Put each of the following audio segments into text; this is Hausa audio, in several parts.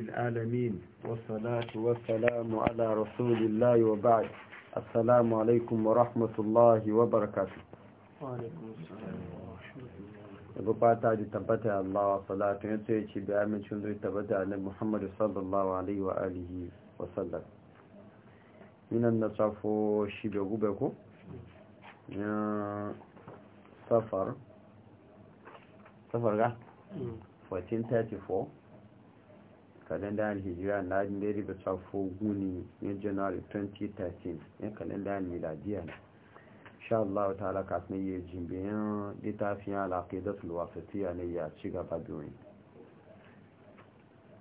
العالمين والصلاة والسلام على رسول الله وبعد السلام عليكم ورحمة الله وبركاته da tabbata Allah wa salatu ya ce ci da amincin zai tabbata Muhammad sallallahu alaihi wa alihi wa minan na safo shi da gube ya safar safar ga 1434 mm. kalenda hijira na adinari da safo guni na january 2013 yan kalenda miladiya na sha Allah ta'ala kafin yi jimbiyan littafin alaƙidar sulwasatiya ne ya ci gaba biyu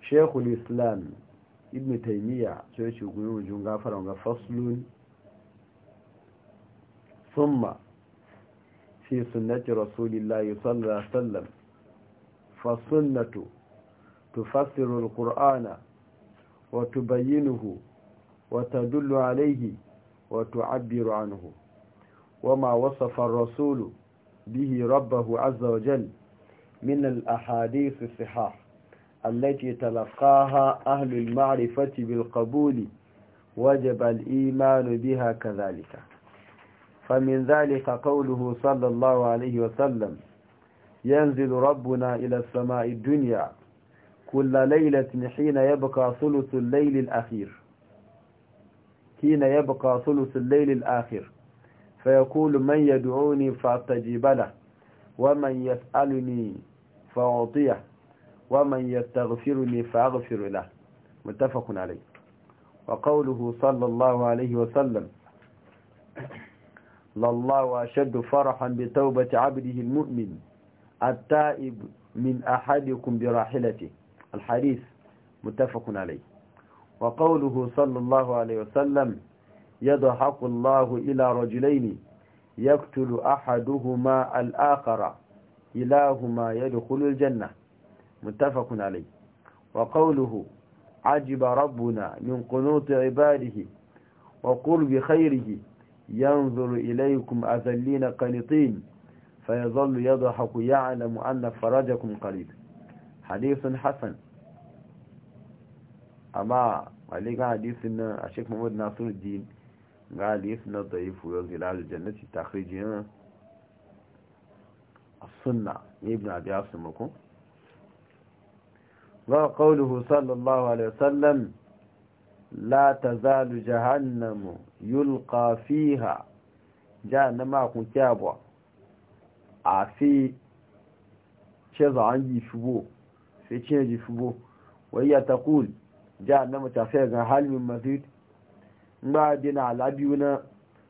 shekul islam ibn taimiyya sai shi guni wujun gafaran ga faslun summa fi sunnati rasulillahi sallallahu alaihi wasallam sunnatu تفسر القرآن وتبينه وتدل عليه وتعبر عنه وما وصف الرسول به ربه عز وجل من الأحاديث الصحاح التي تلقاها أهل المعرفة بالقبول وجب الإيمان بها كذلك فمن ذلك قوله صلى الله عليه وسلم ينزل ربنا إلى السماء الدنيا كل ليلة حين يبقى ثلث الليل الأخير حين يبقى ثلث الليل الآخر فيقول من يدعوني فأستجيب له ومن يسألني فأعطيه ومن يستغفرني فأغفر له متفق عليه وقوله صلى الله عليه وسلم لله أشد فرحا بتوبة عبده المؤمن التائب من أحدكم براحلته الحديث متفق عليه وقوله صلى الله عليه وسلم يضحك الله إلى رجلين يقتل أحدهما الآخر إلهما يدخل الجنة متفق عليه وقوله عجب ربنا من قنوط عباده وقرب خيره ينظر إليكم أذلين قنطين فيظل يضحك يعلم أن فرجكم قريب hadisun hassan amma malika hadisun nan a shek muhammadu nasiru din ga hadisun na zaifu yau zilalu jannati takrijiyar السنة ابن أبي عاصم sallam وقوله صلى الله عليه وسلم لا تزال جهنم يلقى فيها جهنم أكون كابوا عفي yi يشبوه sai ce ji fubo wayya ta kul jahannama ta sai ga halin mazid ba dina alabiyu na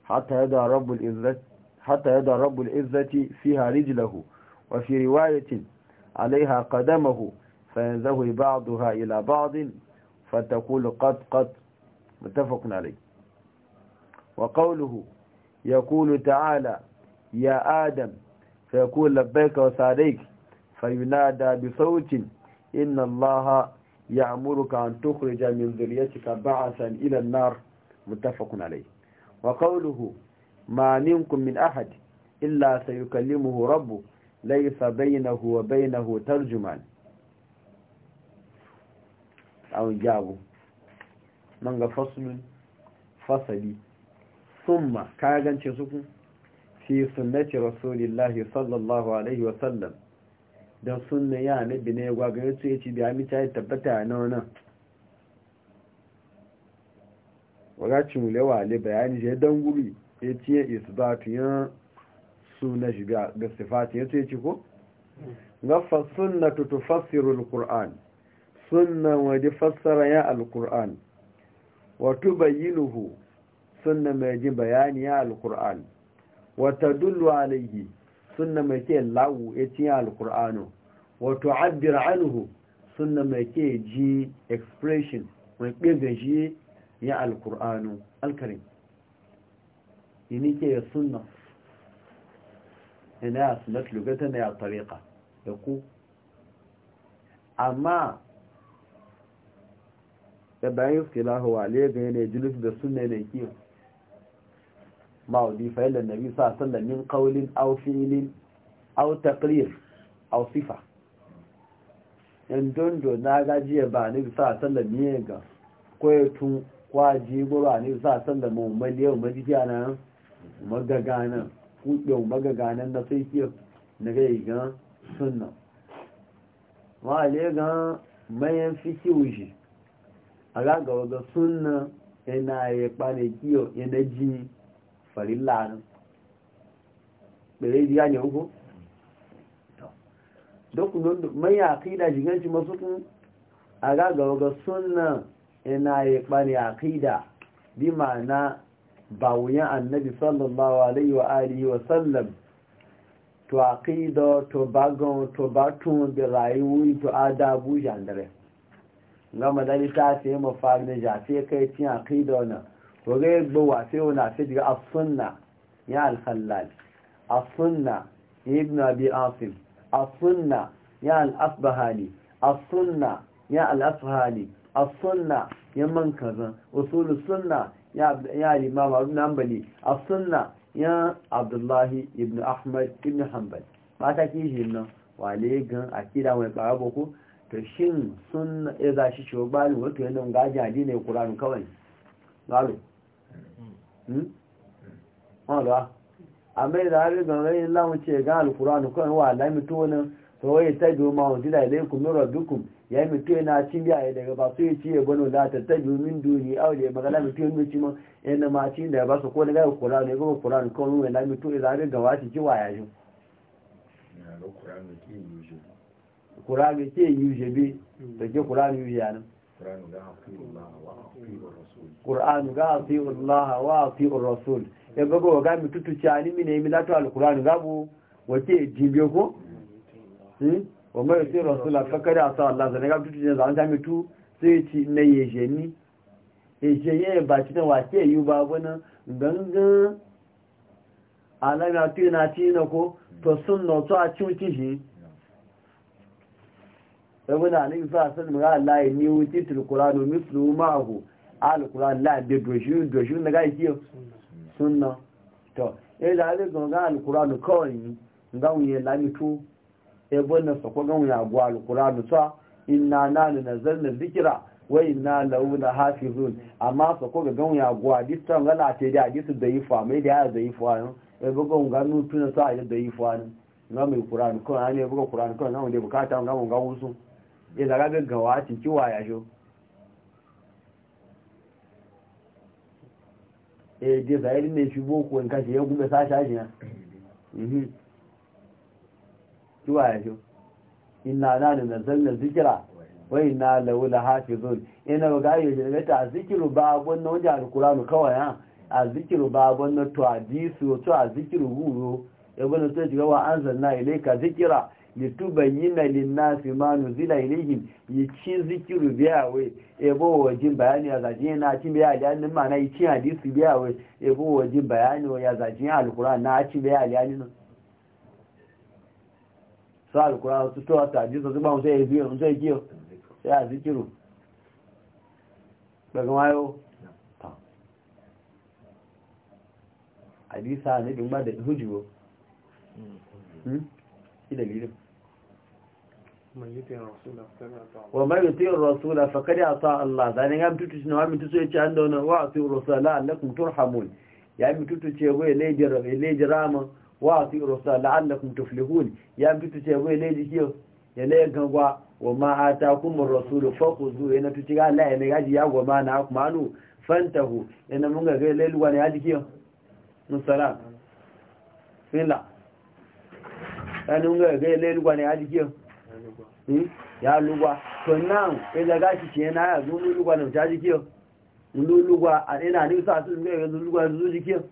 hatta yada rabbul izzati hatta yada rabbul izzati fiha rijlahu wa fi riwayatin alaiha qadamahu fayanzahu ba'daha ila ba'd فتقول قد قد متفق عليه وقوله يقول تعالى يا آدم فيقول لبيك وسعديك فينادى بصوت inna allaha ya'muruka an tukhrija min dhurriyyatika ba'san ila an-nar muttafaqun alayh wa qawluhu ma minkum min ahad illa sayukallimuhu rabbu laysa baynahu wa baynahu tarjuman aw jabu man ga faslun fasali thumma ka gance su fi sunnati rasulillahi sallallahu alaihi wa sallam da sunna ya nabi ne gwaga yace ci bi amita ya tabbata na wannan wagaci mu lewa bayani je dan guri ci ya isbatu ya sunna shi ga sifati yace yace ko gafa sunnatu tufassiru alquran sunna waje fassara ya alquran wa tubayyinuhu sunna mai ji bayani ya alquran wa tadullu alayhi sunna mai ke lawu e ya ci alkur'ano wato abdir anuhu sunna mai ke ji expression mai ɓirgin shi ya alkur'ano alkarin yini ke ya sunna ina ya sunat lugata na ya tariƙa da ku amma da bayan suke lahowa ne ga yanayi julus da sunna ne kiyo ma wadi fa yalla nabi sa sallan min qawlin aw fi'lin aw taqrir aw sifa yan dondo na gajiya ba ni sa sallam ne ga koyo tun kwaji gura ni sa sallan mu yau majiya nan magaganan kuɗin magagana na sai kiyar na gai gan sunna ma le gan mayan fiki wuji a gagawa ga sunna yana ya kwane kiyo yana jini farilla nan bai ya ne hukun duk mai akida shiganci masu kun a gagawa sunan ina ya kpani akida bi ma'ana ba wuyan annabi sallallahu alaihi wa alihi wa sallam to akida to bagon to batun da rayuwi to adabu jandare gama dalita sai ne, na jafe kai cin akida wannan to zai ba sai wani sai diga as-sunna ya al-khallal as-sunna ibn abi asim as-sunna ya al-asbahani as-sunna ya al-asfahani as-sunna ya man kaza usul sunna ya ya imam ibn hanbali as-sunna ya abdullahi ibn ahmad ibn hanbal mata kishi nan wale gan akida mai karabo ko to shin sunna ya zashi shugabani wato yana gajin adinai kuranu kawai galo Hmm? wọ́n lọ́wọ́ àmẹ́rẹ̀ àrígbọ̀n rẹ̀ láwọn tí ẹ̀gá alùkùránù kọ́ wà láìmì tó náà tó wọ́n tẹ́jú ọmọ àwọn dídà ilẹ́kùn mẹ́rọ̀ dúkùn yẹ́mì tó ẹ̀nà àtìmí àyẹ̀dẹ̀gẹ̀ tó ètí ẹ̀gbọ́n náà láti ƙur'anu ga asi'ullaha wa asi'ur rasul ya gaba wa gami tutuci alimi ne mi latu alƙur'anu gabu wace jibe ko? wa mai sai rasul a fakari a sa Allah zane gabi tutuci ne zane sami tu sai ci na yeje ni yeje ya ba ci na wace yi ba wani gangan alamiya tu yana ci na ko to sun na to a cin shi sabuna ne sa san ga Allah ya ni wuti tul qur'anu mislu ma'ahu al qur'an la de doju doju na ga kiyo sunna to e la le go ga al qur'anu kawai ni ga wuye la mi to e bonna so ko ga wuya go al qur'anu sa inna na wai dhikra wa inna lahu lahafizun amma so ko ga wuya go hadisan ga la te da hadisu da yi fa mai da ya da yi fa e buga ga nu tuna sa da yi fa ga qur'an ko ne bugo qur'an ko na wanda bukata ga mun ga wusu zara gaggawa àti kíwà e èdè zahiri ne shi boko in ṣubú sa shashi mhm. ya mhm mẹ́sá ṣáṣìyàn kíwà ina na da nazar na zikira wai na laula zon ina ga yi shirya ta zikiru ba abon na wajen mu kawai ha a zikiru ba abon na to a disu to a zikiru guro ya gwada to shiga wa an zanna ka zikira litubayyana linnasi ma nuzila ilayhim yici zikiru biyawe ebo wajin bayani ya zaji na cin biya aliyani ma na yici hadisi biyawe ebo wajin bayani ya zaji yana na cin biya aliyani nan sa alkuran su to ta ji su zuba musa ya biyo musa ya kiyo sai a zikiru daga mayo hadisa ne dun ba da hujjo Hmm? Ida gidan. wa man yuti ar-rasula faqad ata Allah dan ga mututu ne wa mututu ya ci an da wannan wa ati ar-rasula allakum turhamun ya mututu ce wai ne jira ne jirama wa ati ar-rasula allakum tuflihun ya mututu ce wai ne jikiyo ya ne gangwa wa ma atakum ar-rasulu fakhuzu yana tuci ga Allah ya ne gaji ya goma na kuma nu fantahu ya ya lugwa to now da gashi ke na ya zo lugwa da ta jikiyo lugwa a ina ni sa su ya yanzu lugwa zu jikiyo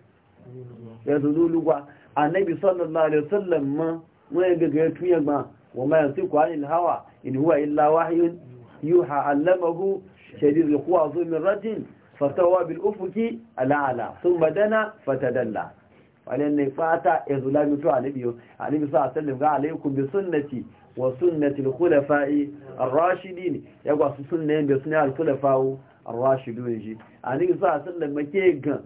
ya zo lugwa annabi sallallahu alaihi wasallam ma mun ga ga tuya ma wa ma yasiku anil hawa in huwa illa wahyun yuha allamahu shadidul quwa zu min rajin fatawa bil ufuki ala ala thumma dana fatadalla wannan ne fata ya zulami to annabi annabi sallallahu alaihi wasallam ga alaikum bi sunnati wa sunnatul khulafa'i ar-rashidin ya gwa su sunnayen da sunna al-khulafa'u ar-rashidun ji ani sa da make ga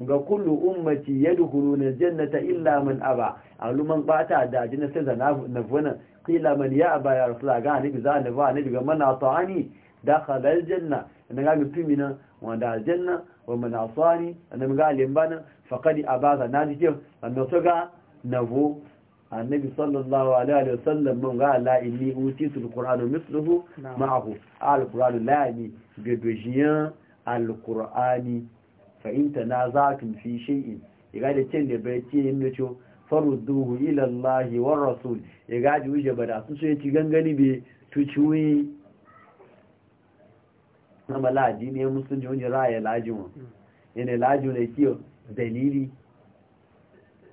ga kullu ummati yadkhuluna jannata illa man aba aluman bata da ajina sai zana nafwana qila man ya aba ya rasul ga ani bi za ba ni ga man ata'ani dakhala al-janna ina ga mutumina wanda janna wa man asani ina ga limbana faqadi aba za na ji an to ga navo annabi sallallahu alaihi wa sallam mun ga la inni utitul quran mithluhu ma'ahu al-qur'anu la bi gadojiyan al-qur'ani fa in tanaza'tum fi shay'in iga da cin da bai ce yin da farudduhu ila allahi wa rasul iga ji wuje bada su sai ci gangani be tuciwi na malaji ne musulunci wani ra'ayi ina yana laji hmm. ne kiyo dalili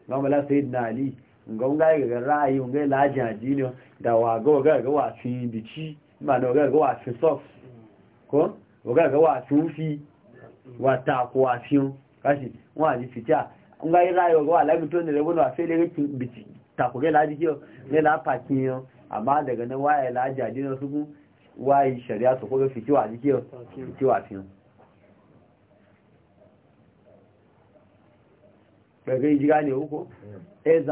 amma mala sayyidina ali nga nga ga ra'ayi nga laji ajini da wa ga ga ga wa fi bici ma na ga ga wa fi sof ko ga ga wa tufi wa ta ko wa fi kashi wa ji fita nga yi ra'ayi ga wa la mi to ne le wa fe le bici ta ko ga laji yo ne la pa kin yo amma daga nan wa ya laji ajini su ku wa yi shari'a su ko ga fiti wa ji yo fiti wa fi daga yi ne uku e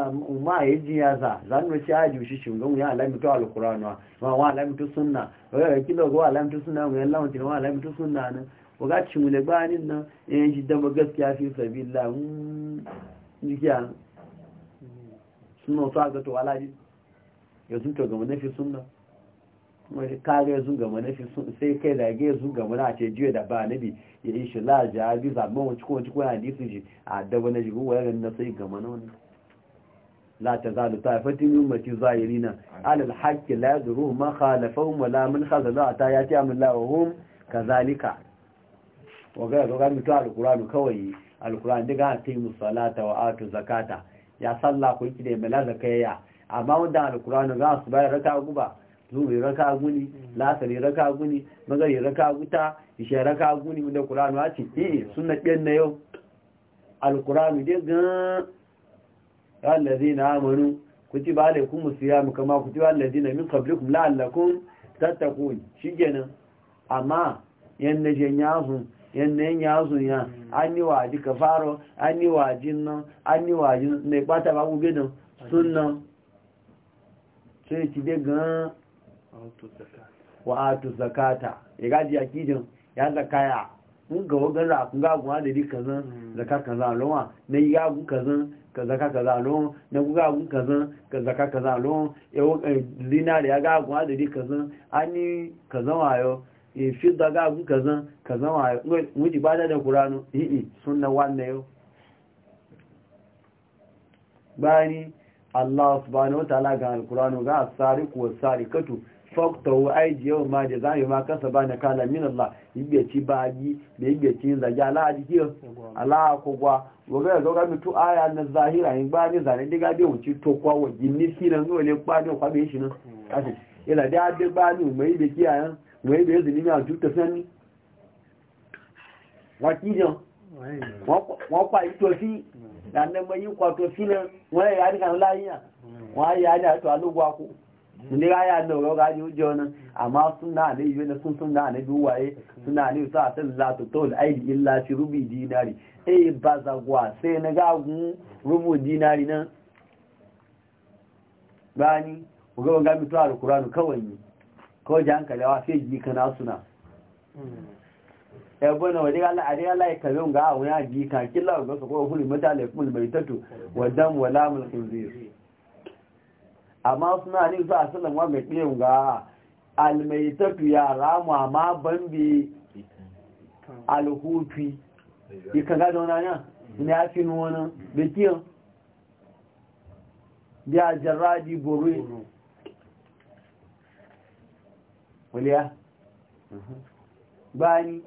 ma yi jin ya za za mu ci aji shi shingon ya alamitu alqur'ana ma wa alamitu sunna ga kilo go alamitu suna, mu yalla na wa alamitu suna ne ko ga ci mu bani nan eh ji da gaskiya fi sabilillah mm. jikiya ga to alaji yanzu to ga manafi sunna mu kare yanzu ga manafi sai kai da ga yanzu jiya da ba ya yi shi laji a ko zaɓen wacce kuma cikin hadisi shi a daba na shigo wa yaran na sai gama na wani la ta zalu ta fatin yin mace zahiri na alal haƙƙi la da ruhu ma khalafahun wa lamun khazala a ta ya ce amin lawahun ka zalika wa ga yaga gami kawai alkuranu daga a kai salata wa atu zakata ya sallah ku yi kide mala zakaya amma wanda alkuranu za su bayar raka guba zuri raka guni mm. lasari raka guni magari raka guta ishe raka guni wanda kuranu a ce eh mm. suna ɓen na yau alkuranu dai gan allazi na amanu kuti ba da kuma siya muka kama kuti ba allazi na min kablikum la'allakun tattaku shi genin amma yan na jen yazun yan na yazun ya mm. an yi waji ka faro an yi wajin nan an yi wajin na ya ɓata ba gube nan sun nan sai ci dai gan wa atu zakata ya gaji ya kijin ya zakaya mun ga wagan hmm. a kun gagun adadi kazan zaka kaza lawa na yi gagun kazan ka zaka kaza lawa na ku gagun kazan ka zaka kaza lawa ya eh, zinari ya gagun adadi kazan an yi kazan wayo ya fi da gagun kazan kazan wayo wuji ba da kuranu hi'i suna wannan yau bani Allah subhanahu wa ta'ala ga alkuranu ga tsari katu. faktawo aiji yau ma da zai ma kasa ba na kala min Allah yibe ci bagi da yibe ci zagi ala ajiki ala kogwa woga ga ga mutu aya na zahira in ba ni zane diga be wuci to kwa waji ni sina ngo le kwa ni kwa be shi na kasi ila da de ba ni mai be ki ayan mai be zini ma ju ta sani wa ki jo wa kwa ito si dan ne mai kwa to si le wa ya ni kan la yin wa ya ni to alugo ko inda ga ya da ga ji hujja wannan amma sunna ne yi da sun sunna ne duwaye sunna ne sa san la to tol ai illa shi rubi dinari eh gwa sai na ga rubu dinari nan bani ga ga to alqur'ani kawai ne kawai ji hankali wa sai ji kana suna ẹgbọ́n wà ní Allah ka ga àwọn yá jí kan kí láwùgbọ́sọ̀kọ́ òfin mẹ́ta lè fún ìmẹ̀rìtẹ́tù wà dánwò láàmùlùkùn zai amma suna ne za a sallan wa mai ɗiyan ga almaitatu ya ramu amma bambe alhufi ya da wani ya ya fi wani bikin ya jarradi bore waliya mhm. bani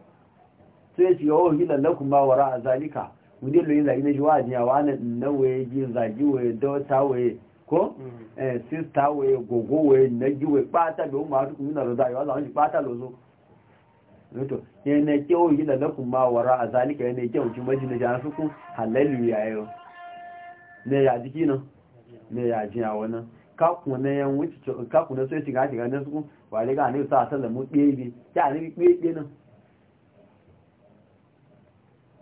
sai shi yawon oh, hilar lakun ba wara a zalika mudello yin zagi na shi wa ajiyawa na nawaye ji zagi waye ko mm. eh, sista we gogo we nagi we pata be o ma tu eh, na roda yo la ni pata lozo to yene ke o yi da lakum ma wara azalika yene ke o ji maji na jan suku hallelujah yo ne ya jiki no ne ya ji a wannan ka ku ne yan wuce ka ku ne so shi ga shiga ne suku wale ga ne sa sallamu bebi ya ne bebi no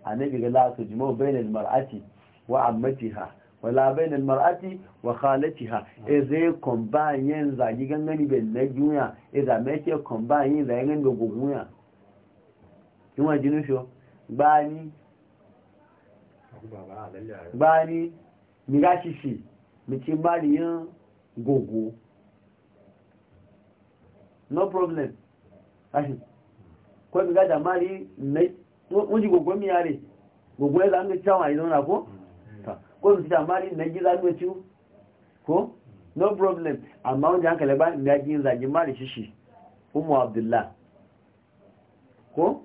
annabi ga la su jimo bainal mar'ati wa ammatiha wala bainal mar'ati wa khalatiha eze combine za gigan gani ben na juya eza meke combine za gigan go guya kuma jinu sho bani bani mi ga shishi mi ti bani yan gogo no problem ashi ko mi ga da mari ne wọ́n jí gbogbo mi yare gbogbo ẹ̀ lánàá tí àwọn àìdánwò náà kó ko su ta mari na gida no ci ko no problem amma wanda hankali ba na gin zagi mari shishi ummu abdullah ko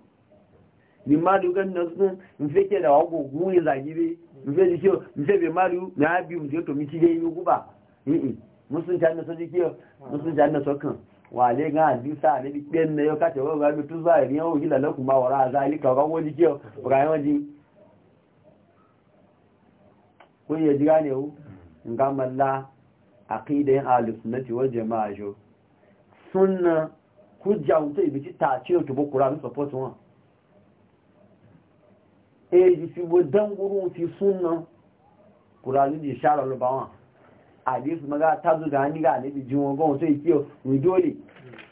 ni mari gan na sun in feke da wago guri zagi be in fe dikiyo in be mari na bi mu je to mi dai yugo ba eh musun ta na so dikiyo musun ta na so kan wàlé gan àdísà níbi pé ẹnìyàn kàtẹ̀wọ́ ìgbàmí tó sáà ìrìn òjìlẹ̀ lọ́kùnmá ọ̀rá àzá ilé kàwọ́ wọ́n jí kí ọ̀rá ẹwọ́n jí kun ya gane hu ga malla aqidayen alusunnati wal jama'a jo sunna ku wuta ibi ti ta ce to bokura ni support wọn e ji fi bo danguru fi sunna kurani di shara lo bawon su maga tazu ga ni ga ne bi jin wọn sai kiyo ni dole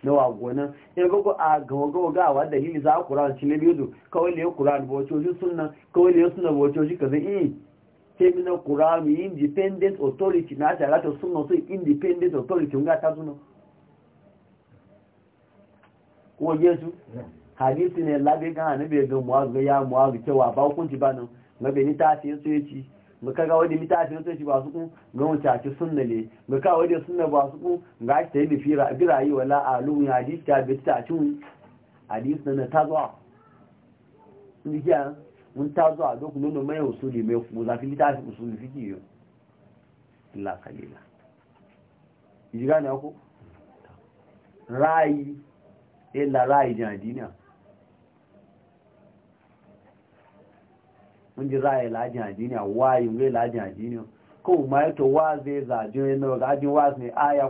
na wa gona e gogo a gogo ga wa dalili za kurani ci ne biyo kawai le kurani bo to sunna kawai le sunna bo to ji kaza eh femina kurami independent authority na shara ta suna so independent authority nga ta suna kuma yesu hadisi ne labe kan anabe ga muwazu ya muwazu cewa ba hukunci ba nan mabe ni ta su so yaci ga kaga wani nita ta sai so ci ba su kun ga a ci suna ne ga kawo wani suna ba su kun ga shi ta yi fira birayi wala alu hadisi ta ta cin hadisi na ta zuwa ń tá zuwa duk nuna mai usuli mai kuma zafi littafi usuli fiki yau illa kalila ji gane ku rayi illa rayi jin adiniya mun ji rayi lajin adiniya wayin gai lajin adiniya ko ma yato wa zai zajin aya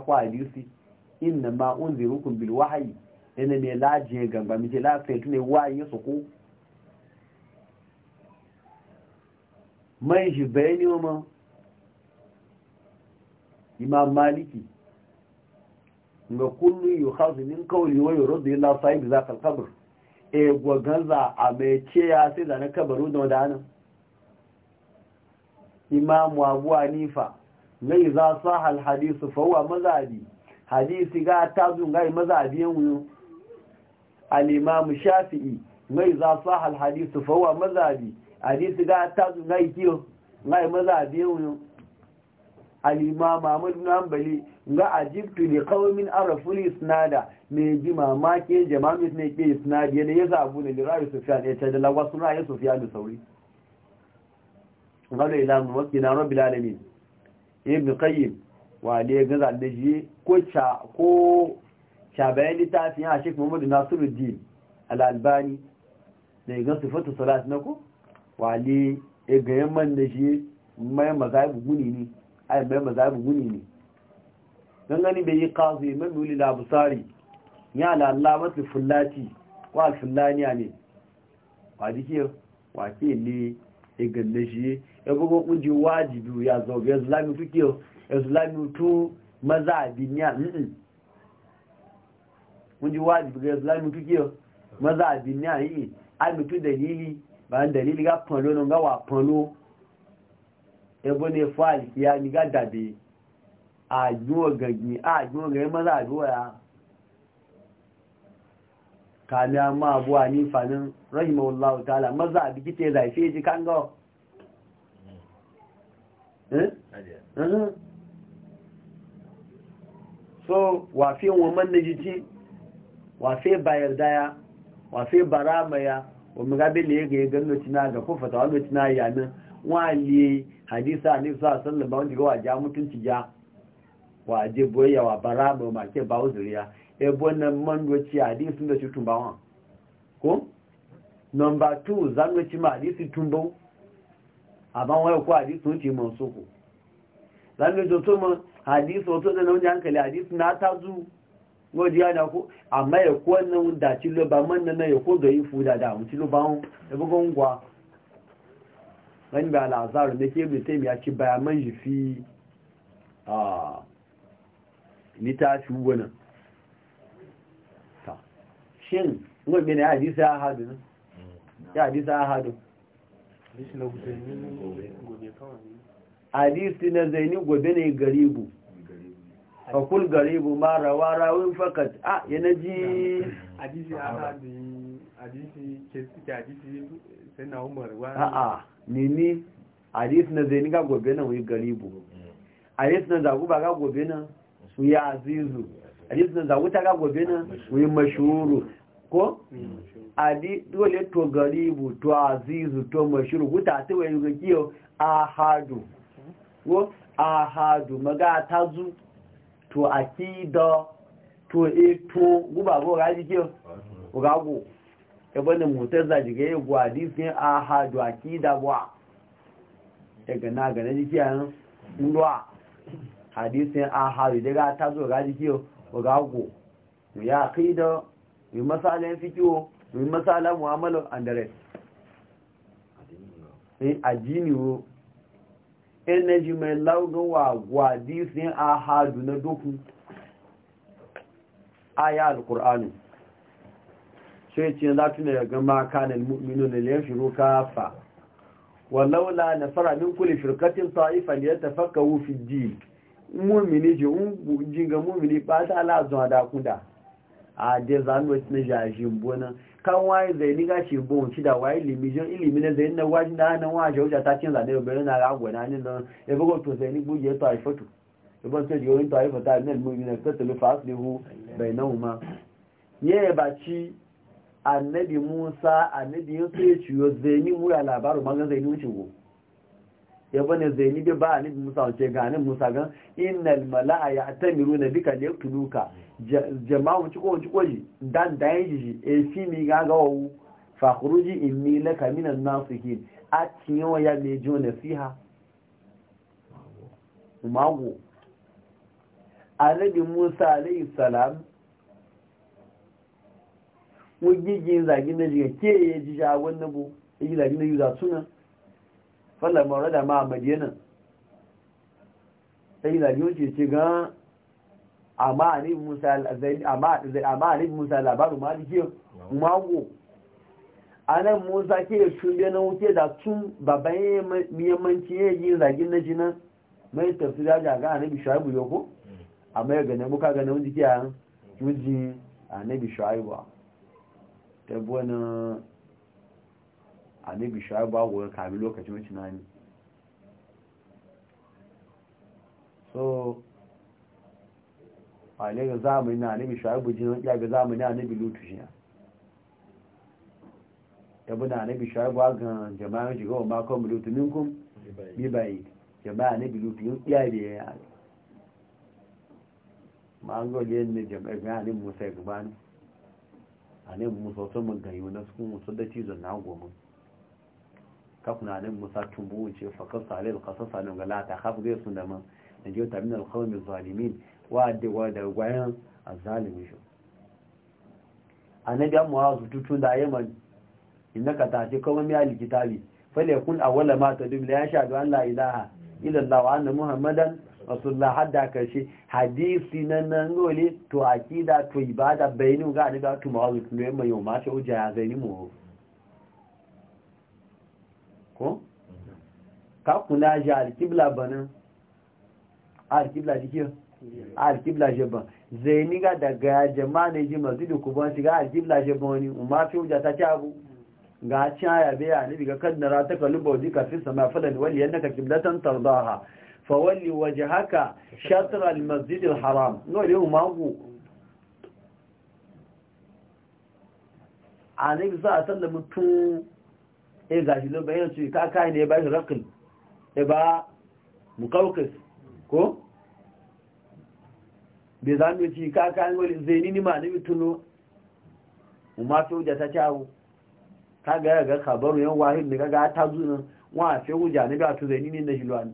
ko ma Mai shi bayani ma imam maliki ga kullum yi hazu min kawai wa yi rozu illa sahib za ka kabar e gwaganza a mai ce ya sai da na kabaru da wadana imam Abuwa Nifa, mai za sa hal hadisu fawa mazabi hadisi ga tazun ga mazabi yan wuyo al imam shafi'i mai za sa hal hadisu fawa mazabi hadisi ga ta na ngai kiyo ngai maza biyu yo al-imam na ibn Hanbali ga ajibtu li qaumin arafu isnada me ji mamake jama'a ne ke isnadi ne ya zabu ne lirayu Sufyan ya ce da lagwa suna ya Sufyan da sauri ngalo ila mu na rabbil alamin ibn qayyim wa ne ga zalle ji ko cha ko cha bayan litafin ya shek Muhammad Nasiruddin al-Albani da ga sifatu salat nako wale egayen man da shi mai mazaɓi guni ne ai mai mazaɓi guni ne don gani bai yi kasu yi mai muli labusari ya lalla masu fulati ko alfullaniya ne wa jike wa ke ne egan da shi ya e bugu kunji wajibi ya zaube islami suke islami to maza abin ya mm kunji wajibi ya islami suke maza abin ya yi a mutu dalili ba n dalili ga pọ̀lọ́ ní ga wà ló ẹbọ́ ní fọ́ àìkíyà ní dàbí àjún ọ̀gàngì àjún ọ̀gàngì mọ́lá àdúwọ̀ya kàmí a máa bú a ní ìfànin rahimahullahu ta'ala mọ́lá àbíkí tẹ́ ẹ̀dà ìfẹ́ so wàfẹ́ wọn mọ́ nẹ́jì tí bayar daya wàfẹ́ bara maya omi rabele ya ga gan lotina ga ko fatawa lotina ya nan wali hadisa ne sa sallama wanda ga ja, mutunci ja waje boyayya wa bara ba ma ke ba uzuriya e bonan man doci hadisi da tutun ba wan ko number 2 zan doci ma hadisi tumbo aban waya ko hadisi sun ce man soko zan doci to man hadisi to da nan hankali hadisi na tazu lóòdí yá kó àmá ẹ̀kọ́ náà dà tí ló bá mọ́nà ẹ̀kọ́ dọ̀ yí fún dáadáa àwọn tí ló bá ń ẹgbogbo ń gwa wọ́n aláàzáàrù ní kí ebè tèmi àti báyà mọ́ yìí fi níta fi wúwo náà ń na zai gobe ní garibu fakul garibu ma rawa rawin fakat a yana ji hadisi ana da hadisi ke suke hadisi sai na umar wa a'a nini na zai ga gobe na wai garibu hadisi na zagu ba ga gobe na wai azizu hadisi na zagu ta ga gobe na wai mashuru ko adi dole to garibu to azizu to mashuru guta ta wai ga kiyo ahadu ko ahadu maga tazu to akida to e to guba go ga jike o ga go e bane mutaza diga yi go hadisin ahadu akida wa e ga na ga jike an ndwa hadisin ahadu daga ta zo ga jike o ga go mu ya akida mu masalan fikiyo mu masalan mu'amalan and the rest eh, ajini wo energy mai launin wa disin ahadu na duhu aya alkur'ani e sai ce za tuna ya gama kanin mu'minu da ya shiru kafa wallaula na fara min kuli shirkatin ta'ifan ya tafaka wufi ji mu'mini ji ga jinga mu'mini ba ta ala zuwa dakunda a da zanuwa na jajin bonan kan waye zai ni gashi bon shi da waye limijin ilimi na zai na waje na nan wa jauja ta cin zane obere na ragwa na nin nan e bugo to zai ni buje to ai foto e bon sai yoyin to yi foto na mu ni na to le fast le hu bai na uma ye e ba ci annabi Musa annabi Yusuf ya ciyo zai ni mu ya labaru magan zai ni wuce go ya e bane zai ni ba annabi Musa wace ga annabi Musa gan innal mala'a ya'tamiruna bika liyaqtuluka jama'u ci ko ci ko dan da yin ji e fi mi ga ga wu fa khuruji inni laka minan nasihin a tiyo ya me jo nasiha umago annabi Musa alayhi salam mu gigi zagi na jiga ke ya ji jagon nabo yi zagi na yuza suna fallar mawar da ma a madiyana yi e zagi wuce ce gan amma anabi musa al-azali amma amma anabi musa labarin maliki mago anan musa ke shunde na wuce da tun baban yammanci ya yi zagin na jinan mai tafsira a ga anabi shaibu ko amma ya gane muka gane wanda ke yan yuji anabi shaibu ta buwana anabi shaibu a goyon kami lokacin mutunani so ne ga zamani na nabi shu'aibu jin ya ga zamani na nabi lutu shi ya bu na nabi shu'aibu ga jama'a ji ga ma ko lutu minkum bi bai jama'a nabi lutu yin ya bi ya ma an go le ne jama'a ga ne musa ga a ane musa wasu mun ga wani na su musa da ci zan na goma ka kuna ne musa tumbu ce fakar salil qasasa ne ga la ta khaf ga sun da man ne jo tabin al mai zalimin Wa wa da gwayan a zalimin shi annabi muhazu tutun da yaman innaka ta ce kuma miya likitabi fale yakun awwala ma ta dubla ya shahadu an la ilaha illa allah wa anna muhammadan rasulullah hadda karshe hadisi nan nan gole to akida to ibada bayinu ga annabi muhazu muhazu tutun yamma yau ma ta uja ya zaini mu ko mm-hmm. ka kuna ji banan a alkibla dikiyo alkibla ban zai ga daga jama'a ne ji masjidu kuban shiga alkibla ban wani umar fi hujja ta kyabu ga caya bai a nabi ga kaddara ta ji ka fi sama fadan wali yadda ka kiblatan tardaha fa wali waje haka shatar masjidil haram no ne umar ku a nabi za a da mutum ya e gashi lo bayan su ka kai ne ba shi rakil ya e ba mukaukas ko bai za mu ci kaka ka wani zai ni ma ni tuno umma soja ta cawo ka ga ga kabaru yan wahid ne ga ta zuna wa sai wuja ne ga tu zai ni ne hilwani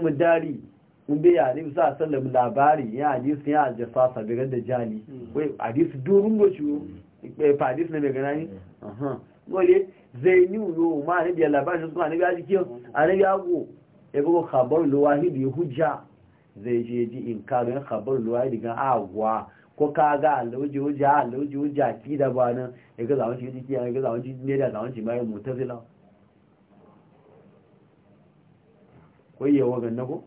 mu dari in bai ya ne sa sallam labari ya hadisi ya aljasa sabiran da jali mm. wai hadisi durun gochu eh, ipe eh, hadisi ne mai gana ni mm. aha wale zai ni uyo ma ne da labarin su ma ne ga jiki a ne ga go ebe khabar luwahidi hujja zai je ji inkarin khabar luwahidi ga agwa ko kaga alauji hujja alauji hujja ki da ba nan ya ga zawon shi jiki ya ga zawon ne da zawon shi mai zila ko yi yawa ganna ko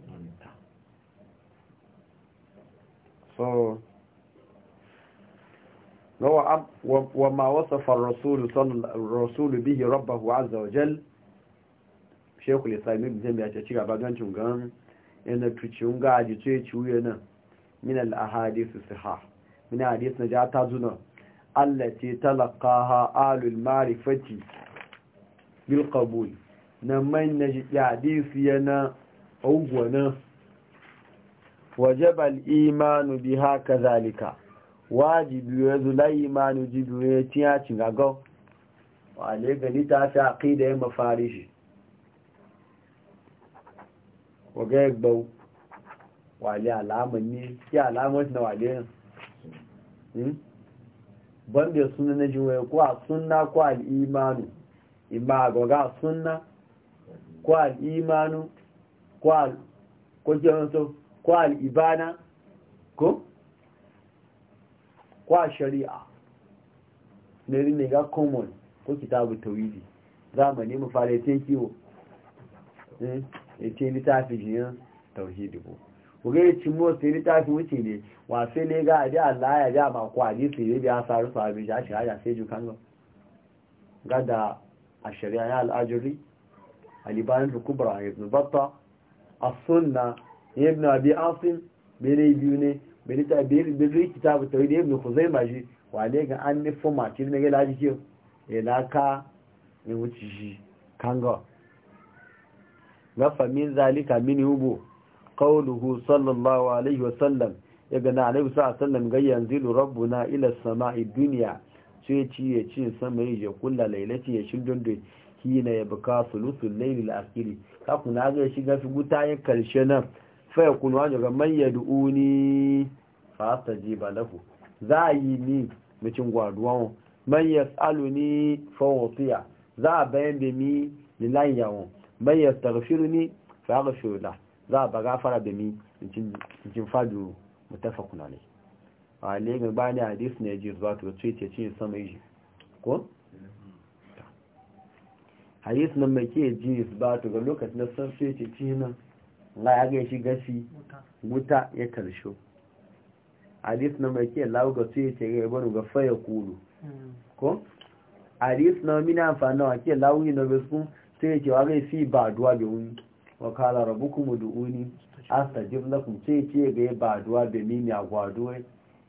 so wa ma wasafa rasulu bihi rabbahu azza wa jal. shekul islam ibn jami'a ce cigaba bagancin gan yana tucin ga aji ci ciwuye nan min al-ahadisu ha? min hadis na ja ta zuna allati talaqaha alul ma'rifati bil qabul na man na ji hadisi yana ugwana wajaba al-imanu biha kadhalika wajibi ya zula imanu jibi ya tiya cin wa ne gani ta fi aqida ya mafarishi waga ẹgbọ́ gbau wale alaman ne ya alaman na wale yin hmm? banda suna na jiwaye ko a suna ko al'imanu ima gaga a suna ko al'imanu ko jiransu ko al'ibana ko kwa shari'a na ne ga common ko kitabu tawili zamani mu fara kiwo hmm? ya ce littafi jiyan tauhidi ko kure ci mo sai littafi wuce ne wa sai ne ga abi Allah ya ja ma ko hadisi ne biya saru sahabi ja shi haja sai jukan ga gada a ya al-ajri al-iban al-kubra ibn batta as-sunna ibn abi asim bere biyu ne bere ta bere bere kitabu tawhid ibn khuzaimah ji wa ne ga an ne format ne ga laji ke ka ne wuce shi kanga na famin zalika mini hubo kauluhu sallallahu alaihi wasallam ya gana alaihi wasallam ga yanzu rabbuna ila sama'i duniya sai ci ya ci sama yi ya kula lailaci ya shi dundu ya buka sulusun lailil la'akiri kaku na zai shiga fi guta ya karshe nan faya kunu wajen ga man ya du'uni fasta ji ba lahu za a yi ni mucin gwaduwan man ya tsalo ni fawotiya za a bayan da mi lilan yawon man yastaghfiruni fa aghfiru la za ba gafara da ni mi jin fadu mutafakun ne a ne ga bani hadis ne ji zuwa to ce ce cin sama yi ko hadis nan mai ke ji ba to ga lokacin da san ce ce cin nan la ya ga shi gashi wuta ya karsho hadis nan mai ke lawo ga ce ce ga banu ga faya kulu ko hadis nan mina amfani wa ke lawo ne ga su. sai ce wa zai fi ba duwa bi wuni wa kala rabu kuma du'uni astajib lakum sai ce ga ya ba duwa bi mimi a gwaduwa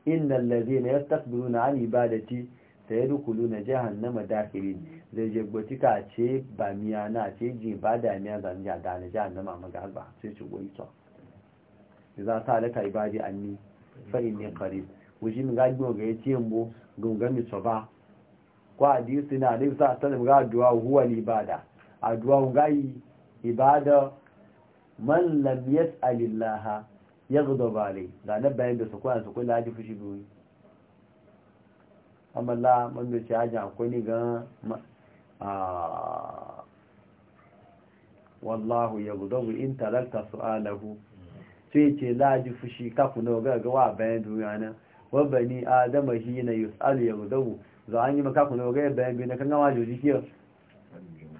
inna allazina na an ibadati sayadkhuluna jahannama dakhirin zai je gboti ka ce ba miya na ce ji ba da miya zan ja da na jihar maga ba sai ci goyi to za ta laka ibadi ni fa'in ne kare wuji mi ga ga yace ce mu gungami so ba kwa suna na ne sa ta ga duwa huwa ba da. addu'a yi ibada man lam yas'alillaha yaghdab ga na bayan da su kwana su kula da fushi biyu amma la man da caja akwai ni ga wallahu yaghdab in talakta su'alahu sai ce la ji fushi ku na ga ga wa bayan duniya nan wa bani adama hina yus'al yaghdab za an yi maka kuna ga bayan duniya kan ga wajoji kiyar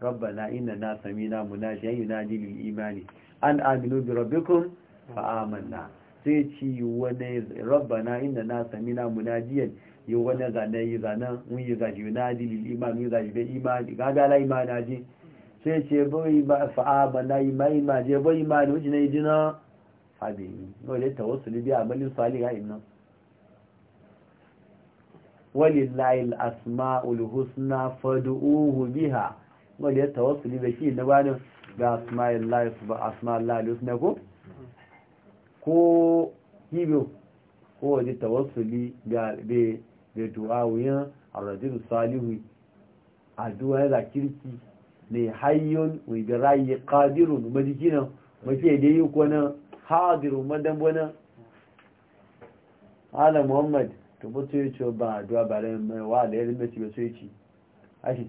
rabbana inna samina munashiyan yunadi lil imani an aminu bi rabbikum fa amanna sai ci wani rabbana inna samina munajiyan wani zane yi zanen mun yi zaji yunadi lil imani yi zaji bai imani gagala imani ji sai ce bai ba fa amanna je bai imani wuce na yi jina habibi wale tawassuli bi amalin salihah inna asmaul husna fad'uhu wanda ya tawassuli da shi na bani ga asma'illah asma'il al-husna ko ko hibo ko waje tawassuli ga be be du'awuyan ar-rajul salihu addu'a da kirki ne hayyun wa bi ra'yi qadirun madikina mace da yi ko nan hadirun madan ala muhammad to mutu ce ba addu'a bare mai wa da ilmi ce ba so yace ashi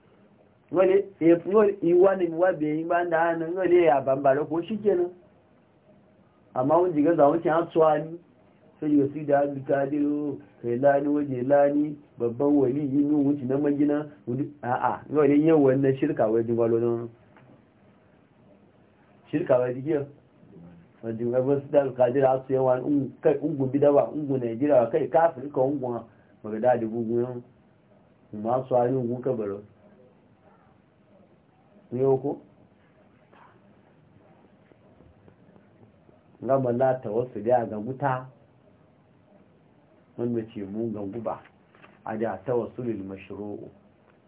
wale iwa ne wa bayin ba da hannun wale ya bambara ko shi kenan amma wani jiga zaun ce an tsuwa ni sai yau sai da abu kadiro kai lani waje lani babban wali yi min wuce na magina a'a wale yin wannan shirka wajen gwalo don shirka wajen giyar wajen gwalo su da alkadir a su yawa kai ungun bidawa ungun nigeria kai kafin ka ungun magada da bugun masu hannun ungun kabarau yau ko za ta wasu da ga guta wanda ce mu ga guba a da mashiro'u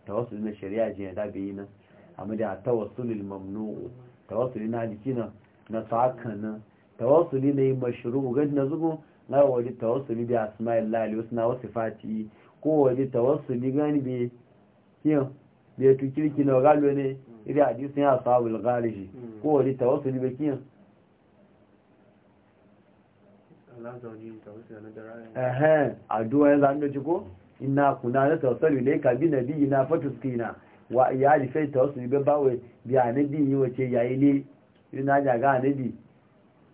ta wasu na shari'a je da bi nan amma da tawassulul mamnu'u tawassuli na dikina na sakana tawassuli ne mashiro'u ga na zugo na wadi tawassuli wasu asma'illah wasu fati ko wasu tawassuli gani bai kiyo da ya tukirki na galo ne iri hadisun ya sabu al-ghariji ko wani tawasu ne kiyan ehen addu'a ya zanu ci ko ina kuna na tawassuli ne ka bi nabi na fatuskina wa iyali fai tawassuli bai bawe bi anabi yi wace yayi ne irin na jaga anabi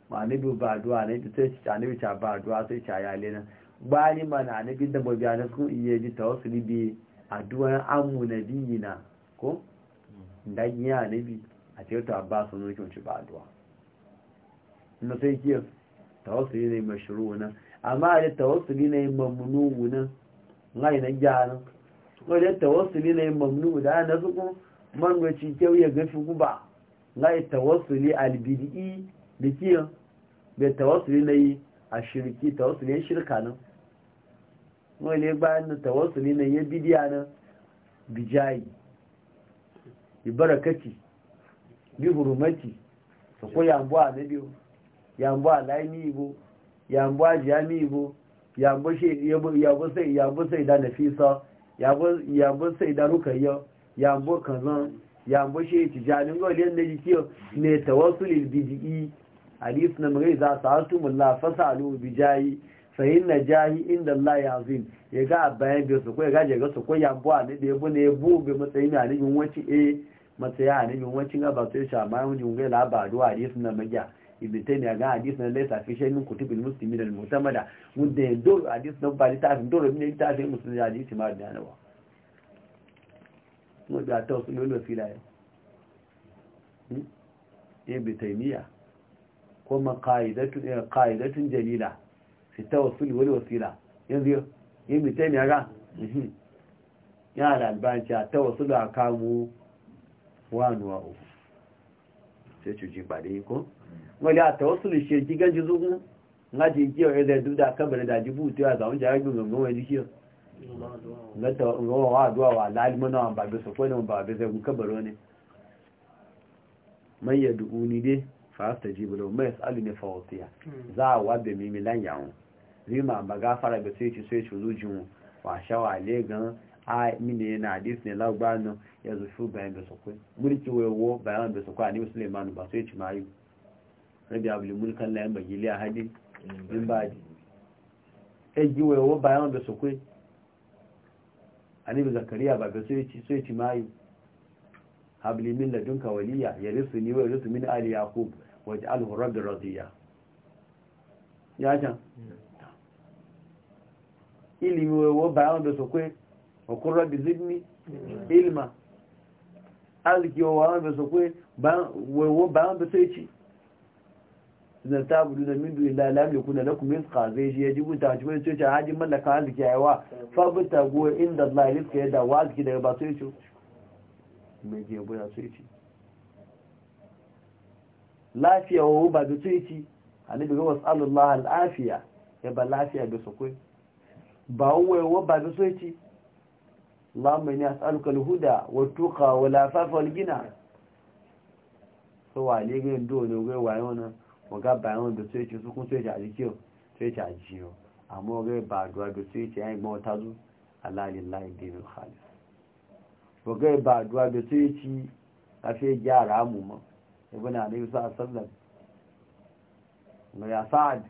ma anabi ba addu'a ne ta sai anabi ta ba addu'a sai ta yale nan ma na anabi da biya anabi kun iya ji tawassuli bi amu na ámù nàbí yìnà yi ìdáyé ànábì àti ba su ní ojú ba aduwa na sai kí tawassuli ne mashuru wuna amma a da tawassuli ne mamnu wuna ngai na gyara ko da tawassuli ne mamnu da na su ko man ga ci kyau ya ga shi guba ngai tawassuli albidi bi kiyan da na yi a shirki ya shirka nan wani ne bayan na tawassuli na ya bidiya na bijayi ibarakaci bi hurumati ta ko yambo a na biyu yambo a laini ibo yambo a jami ibo yambo sai da nafisa yambo sai da rukayya yambo kazan yambo shi tijanin goliyar na jikiyo ne tawassulil bidi'i hadis na murai za su hatu mulla fasalu bijayi sayin na jahi inda Allah ya zin ya ga bayan biyu su kai ya gaje ga su kai ya bu ne da bu ne bu bi matsayin a yun wancin eh matsayi a yun wancin ga ba sai sha ma mun jungai labaru a hadisi na magiya ibn taymiya ga hadisi na laysa fi shay'in min kutubil muslimin al mu'tamada wanda ya do hadis na ba litafin do ne ta litafin muslimin hadisi ma da nawa mu da ta su lolo filaye ibn taymiya kuma qa'idatun qa'idatun jalila fitawassul wani wasila yanzu yin mitai ne ga ya da a tawassulu a kamo wanuwa uku sai cuci bade ko wani a tawassulu shi yanki ganji zugun na ji duda kan bane da jibu ta zaun jari bin gangan wani na tawawa wa aduwa wa wa ba bisa ko ne ba bisa kun kabaro ne mai ya dai fa ta mai ne fa hmm. za a wadda mimilan rima ba fara ga sai ci sai ci lujin wa shawa le gan a mine na hadis ne lagbanu ya zufu bayan da sokoi mulki wayo bayan da sokoi ni musulman ba sai ci mayu rabi abul mulkan la yan bagili a hadin in ba di eji wayo bayan da sokoi ani zakariya ba ga sai ci sai ci mayu habli min ladunka waliya ya risu ni wa risu min ali yaqub wa ja'alhu rabbi radiya ya jan mm. ilimi wo bayan da sokwe okun rabbi zidni mm. ilma arziki wa bayan da sokwe wo bayan da sai ci na ta budu da min duyi lalam ya kuna lakum rizqa zai shi ya jibu ta cikin coci a hajji mallaka arziki a yawa fabita go inda Allah rizqa ya da wa da yi ba sai ci mai je buya sai ci lafiya wa ba da sai ci annabi ga wasallallahu alafiya ya ba lafiya ga sokwe ba wayewa ba zai soci Allahumma inni as'aluka al-huda wat-tuqa wal-afafa wal gina so wa le ge ndo ne ge wa yona mo ga ba yon da soci su kun soci a o soci a jiyo amma ge ba do da soci ai mo tazu Allah lillahi dinul khalis mo ge ba do da soci a fe gyara mu ma ibn ali sa sallam ya sa'ad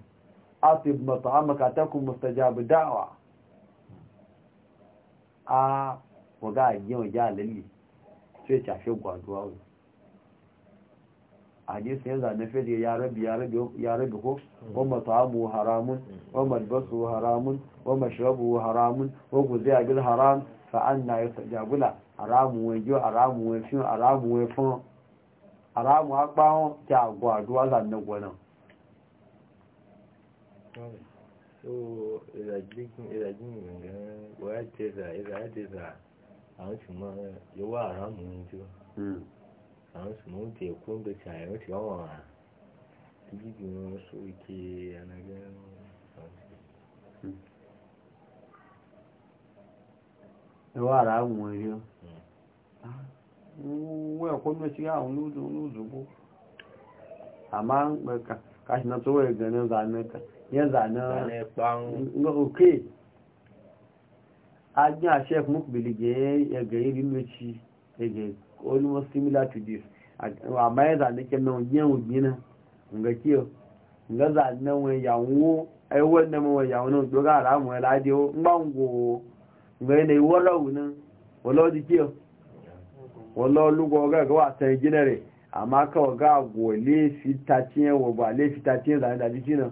atib mat'amaka takum mustajab da'wa a waga ajiyar a lalle sai shafe gwaduwa wani ne sai zane fere ya rabi ya rabi ko wa matamu haramun wa malbasu haramun wa mashrabu haramun wa a bil haram fa anna yastajabula haramu wa jo haramu wa fin haramu wa fun haramu akpa won ti agwa aduwa zan na gwanan so ìrajìn ìrìnlẹ̀ wọ́n jẹ́zà ìrajẹ́zà àwọn sì mọ́ yóò wà ráàmù ní hmm. jọ àwọn sì mọ́ ti hmm. hmm. ah, ẹ̀kọ́ ń bẹ̀tẹ̀ àyẹ̀wò tí ya zane ga oke ajin a chef mukbili ga gari riloci ga almost similar to this amma ya zane ke nan yin ugina ga kiyo ga zane wani yawon aiwon da mawa yawon nan doga alamu ya ladiyo gbango ga yanayi wala wunan wala jikiyo wala olugo ga ga wasan gina re amma kawai ga gole fitacciyar wa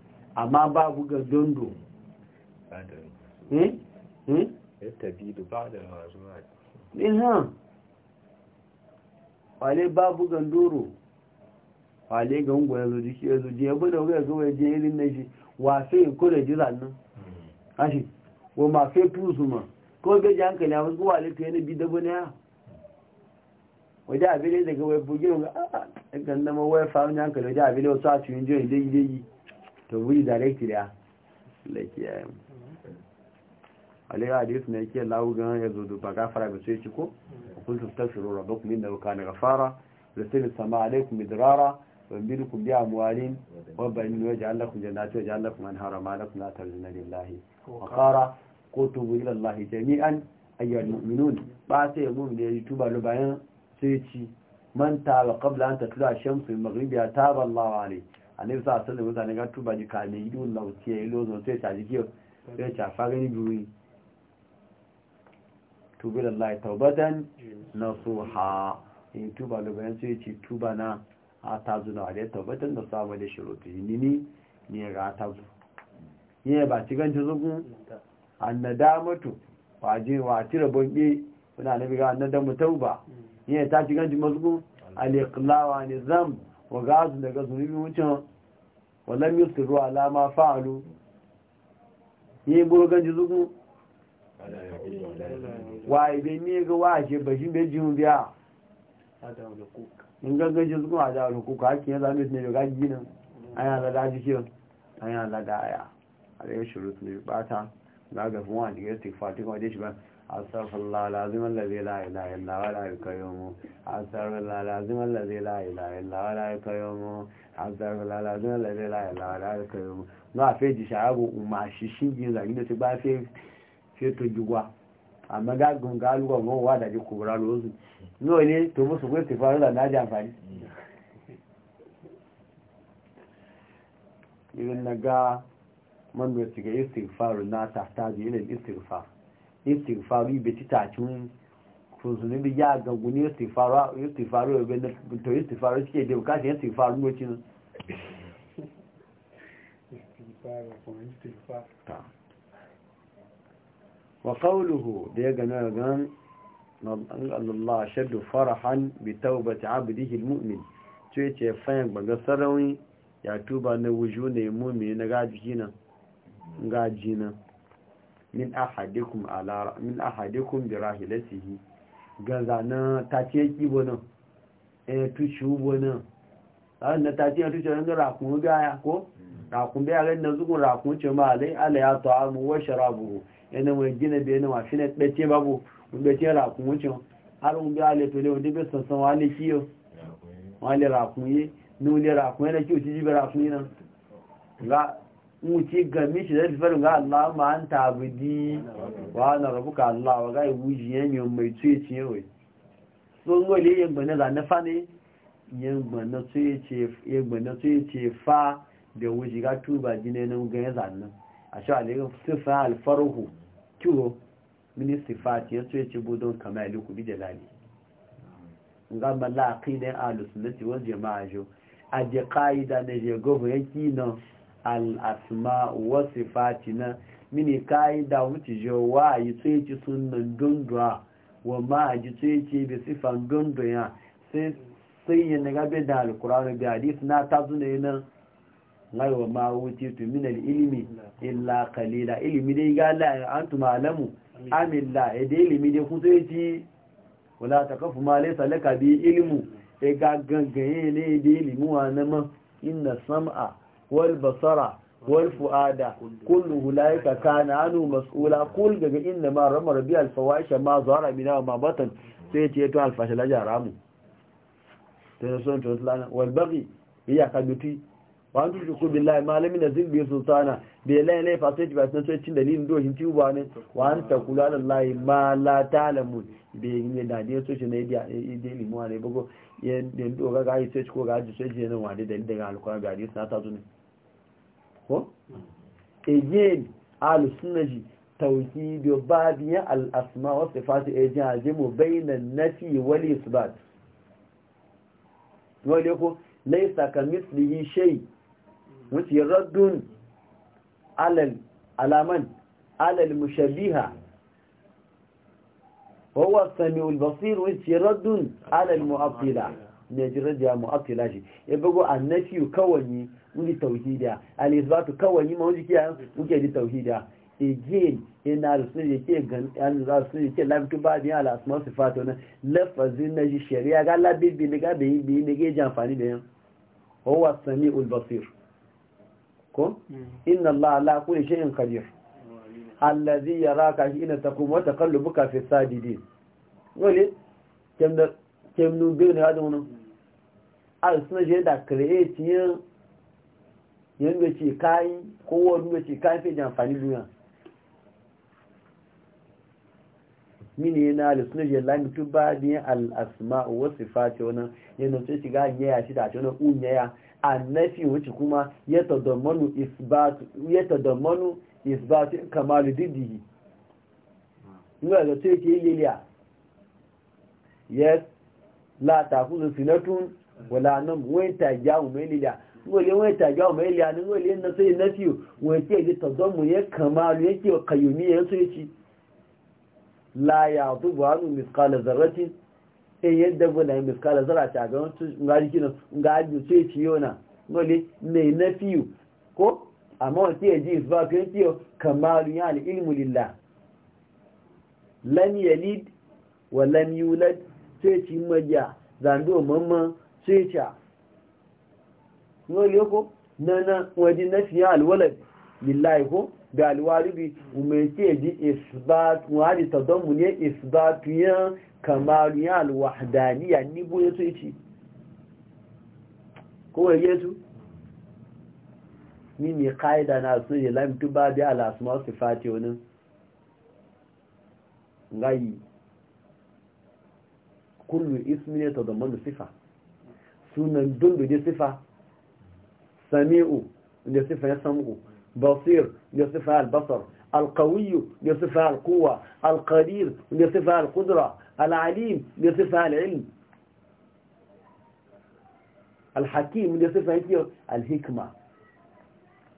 amma babu ga dondo eh? Eh? Eh, wale babu gandoro wale ga ungo ya zoji ki ya zoji ya bude ga zo ya je irin na shi wa sai ko da jira nan mm. ashi wa ma sai tusu ma ko ga ji hankali amma ko wale to yana bi dabo ne ya waje abin da ga wai bugi ga a ganda ma wai fa hankali waje abin wasu a cikin jiya dai dai to wuri da laiki da laiki ya yi alaiya hadis na yake lawu ya zo ba gafara ba sai ci ko kun tafsiru rabbakum innahu kana ghafara yursilu samaa alaykum midrara wa yumdidukum bi amwalin wa banin yaj'al lakum jannatin wa yaj'al lakum anhara ma lakum la tarjuna lillahi wa qara kutubu ila lahi jami'an ayyar mu'minun ba sai da ya tuba lo bayan sai ci man ta kabla an tura shamsu magribiya ta ban lawa ne. annabi sa sallallahu alaihi wasallam ga tuba ji kame idu na uti e lo zo sai ta ji kiyo sai ta fara ni buri tubi na tawbatan ha in tuba lo bayan sai ci tuba na a ta zu na ale tawbatan da samu da shuruti ni ni ya ga ta zu yi ba ci gan ci zugun annadamatu waje wa tira bonbe kuna nabi ga annadamu tauba ni ta ci gan ci mazugun al-iqlawa nizam wa gazu daga zunubi wucin walam yusiru ala ma fa'alu yi buru ganji zuku wa ibe ni ga wa je bashi be jiun biya in gangan ji zuku ada hukuka hakin ya zame ne ga gina aya da da jikin aya da da aya a da shuru ne bata na ga fuwa da ya tikfa tikwa da shi ba أصرف الله العظيم الذي لا إله إلا ولا يكيومه أصرف الله العظيم الذي لا إله إلا ولا يكيومه أصرف الله العظيم الذي لا إله إلا هو الحي القيوم ما في دشاغو وما شيشين جين زاغين تي في في توجوا amma ga gun ga luwa mo wa da ku bura lozu no ne to musu ko ti faru da na ji amfani idan naga man da tiga istighfar na tahtaji ila istighfar istighfaru be titacin kuzunin bi ya ga guni istighfaru istighfaru be na to istighfaru ti suke de ka yin istighfaru mo lokacin wa qawluhu da ya gana gan Allah shaddu farahan bi tawbati abdihi almu'min to yace fayan banga sarawi ya tuba na wuju ne mu'mini na gaji nan gaji nan min ahadikum ala min ahadikum bi rahilatihi gazana tace kibo nan eh tushu bonan na tace e tushu nan rakun ya ko rakun bai ran nan ra rakun ce ma alai ala ya amu wa sharabu yana e mai gina bai na mafi na tsace babu mun ce rakun ce har mun bi ale to le wanda bai san san wale kiyo wani rakun yi nu le rakun yana kiyo ci ji rakun yi nan ga wuce gami shi da rifarin ga Allah ma an tabidi wa na rabuka Allah wa ga wuji yan yon mai tuye ce wai so ngo le yan gbana da na fane yan gbana tuye ce yan fa da wuji ga tuba jine nan a sha alaikum sifa al farhu kiwo min sifat yan tuye ce budon kamar aliku bi jalali da ahlus sunnati wal jamaa jo a je na ne je gobe yaki nan al'asma wasu fatina mini kayi da wuce jowa a yi tsoci sunan dundura wa ma a ji tsoci bi sifan dundura sai sai ga gabe da alkuranu bi hadis na ta zuna yi nan ngai wa ma wuce tu min ilimi illa kalila ilimi dai ga la an tu malamu amilla e dai ilimi dai ku tsoci wala ta kafu ma laysa laka bi ilmu e ga gangan ne dai ilimi wa nama inna sam'a wal basara wal fuada kullu hulaika kana anu mas'ula kul daga inna ma ramar rabi al fawaisha ma zara mina wa ma batan sai ce to al fashala jaramu sai son to lana wal baghi ya kaduti wa antu shuku billahi ma lam yanzil bi sultana bi la la fa sai ba sai cin dalilin dohin tuba ne wa anta kula lillahi ma la ta'lamun bi ne da ne so shi ne da idili mu ne bugo ya den do ga ga sai ko ga ji sai ne nan wa da dalilin daga alquran ga hadisi na ta zo ko ejeni alusunaji tauhidi Al-Asma wasu fati eji haji mu bainan nafi wani su ba ta wani ko laisa kamis da yi shai wuce alal alaman alal mushabiha wawar sami ulbasir wuce raddun alal mu'abdila ne ya mu'abdila shi ya e bugu annafi kawai ne wuli tauhidiya alizbatu isbatu kawai yi ma wuli kiya muke ji tauhidiya again ina da sun yake gan yanzu za su ke labitu ba ni ala asma sifato na lafazi na ji shari'a ga labibi ne ga da yi bi ne ga ji amfani da yan huwa sami'ul basir ko hmm. inna allaha la kulli shay'in qadir alladhi yaraka ina takum wa taqallubuka fi sajidin wale kemnu kemnu bi ne hadu no al sunan je da create yin yadda ce kayan kowar ruwa ce kayan fi da amfani duniya mini yana da suna jela mutu ba biyan al'asma wasu fata wani yana ce shiga yaya shi da shi wani unyaya a nafi wuce kuma ya manu isbatu kamalu diddihi nuna da ce ke yiliya yes la takuzu sinatun wala nan wenta ya umar yiliya wale wani tagiya wa mai liyanin wale na sai na fiye wani ke ji tazomu ya kamalu yake wa kayumi ya so ci la ya zubu hannu miskala zarratin in e, yadda guna yi miskala zarra ta ga wani ngari kina ngari so ya ci yona wale mai na fiye ko amma wani ke ji isba fiye fiye kamalu ya al'ilmu lillah lam yalid wa lam yulad sai ci majiya zanduwa mamman sai ci yau ko na na lillahi ko da alwaribi umarci ji isbat wani tazonmu ne isbatuyen kamariyar alwahadaniya nibo ya so ici kowai yesu mini na so yi lamtu ba da alasuma su fati wani ismi ne sifa sunan dundu ne sifa سميع يصفها سمع بصير يصفها البصر القوي يصفها القوة القدير يصفها القدرة العليم يصفها العلم الحكيم يصفها الحكمة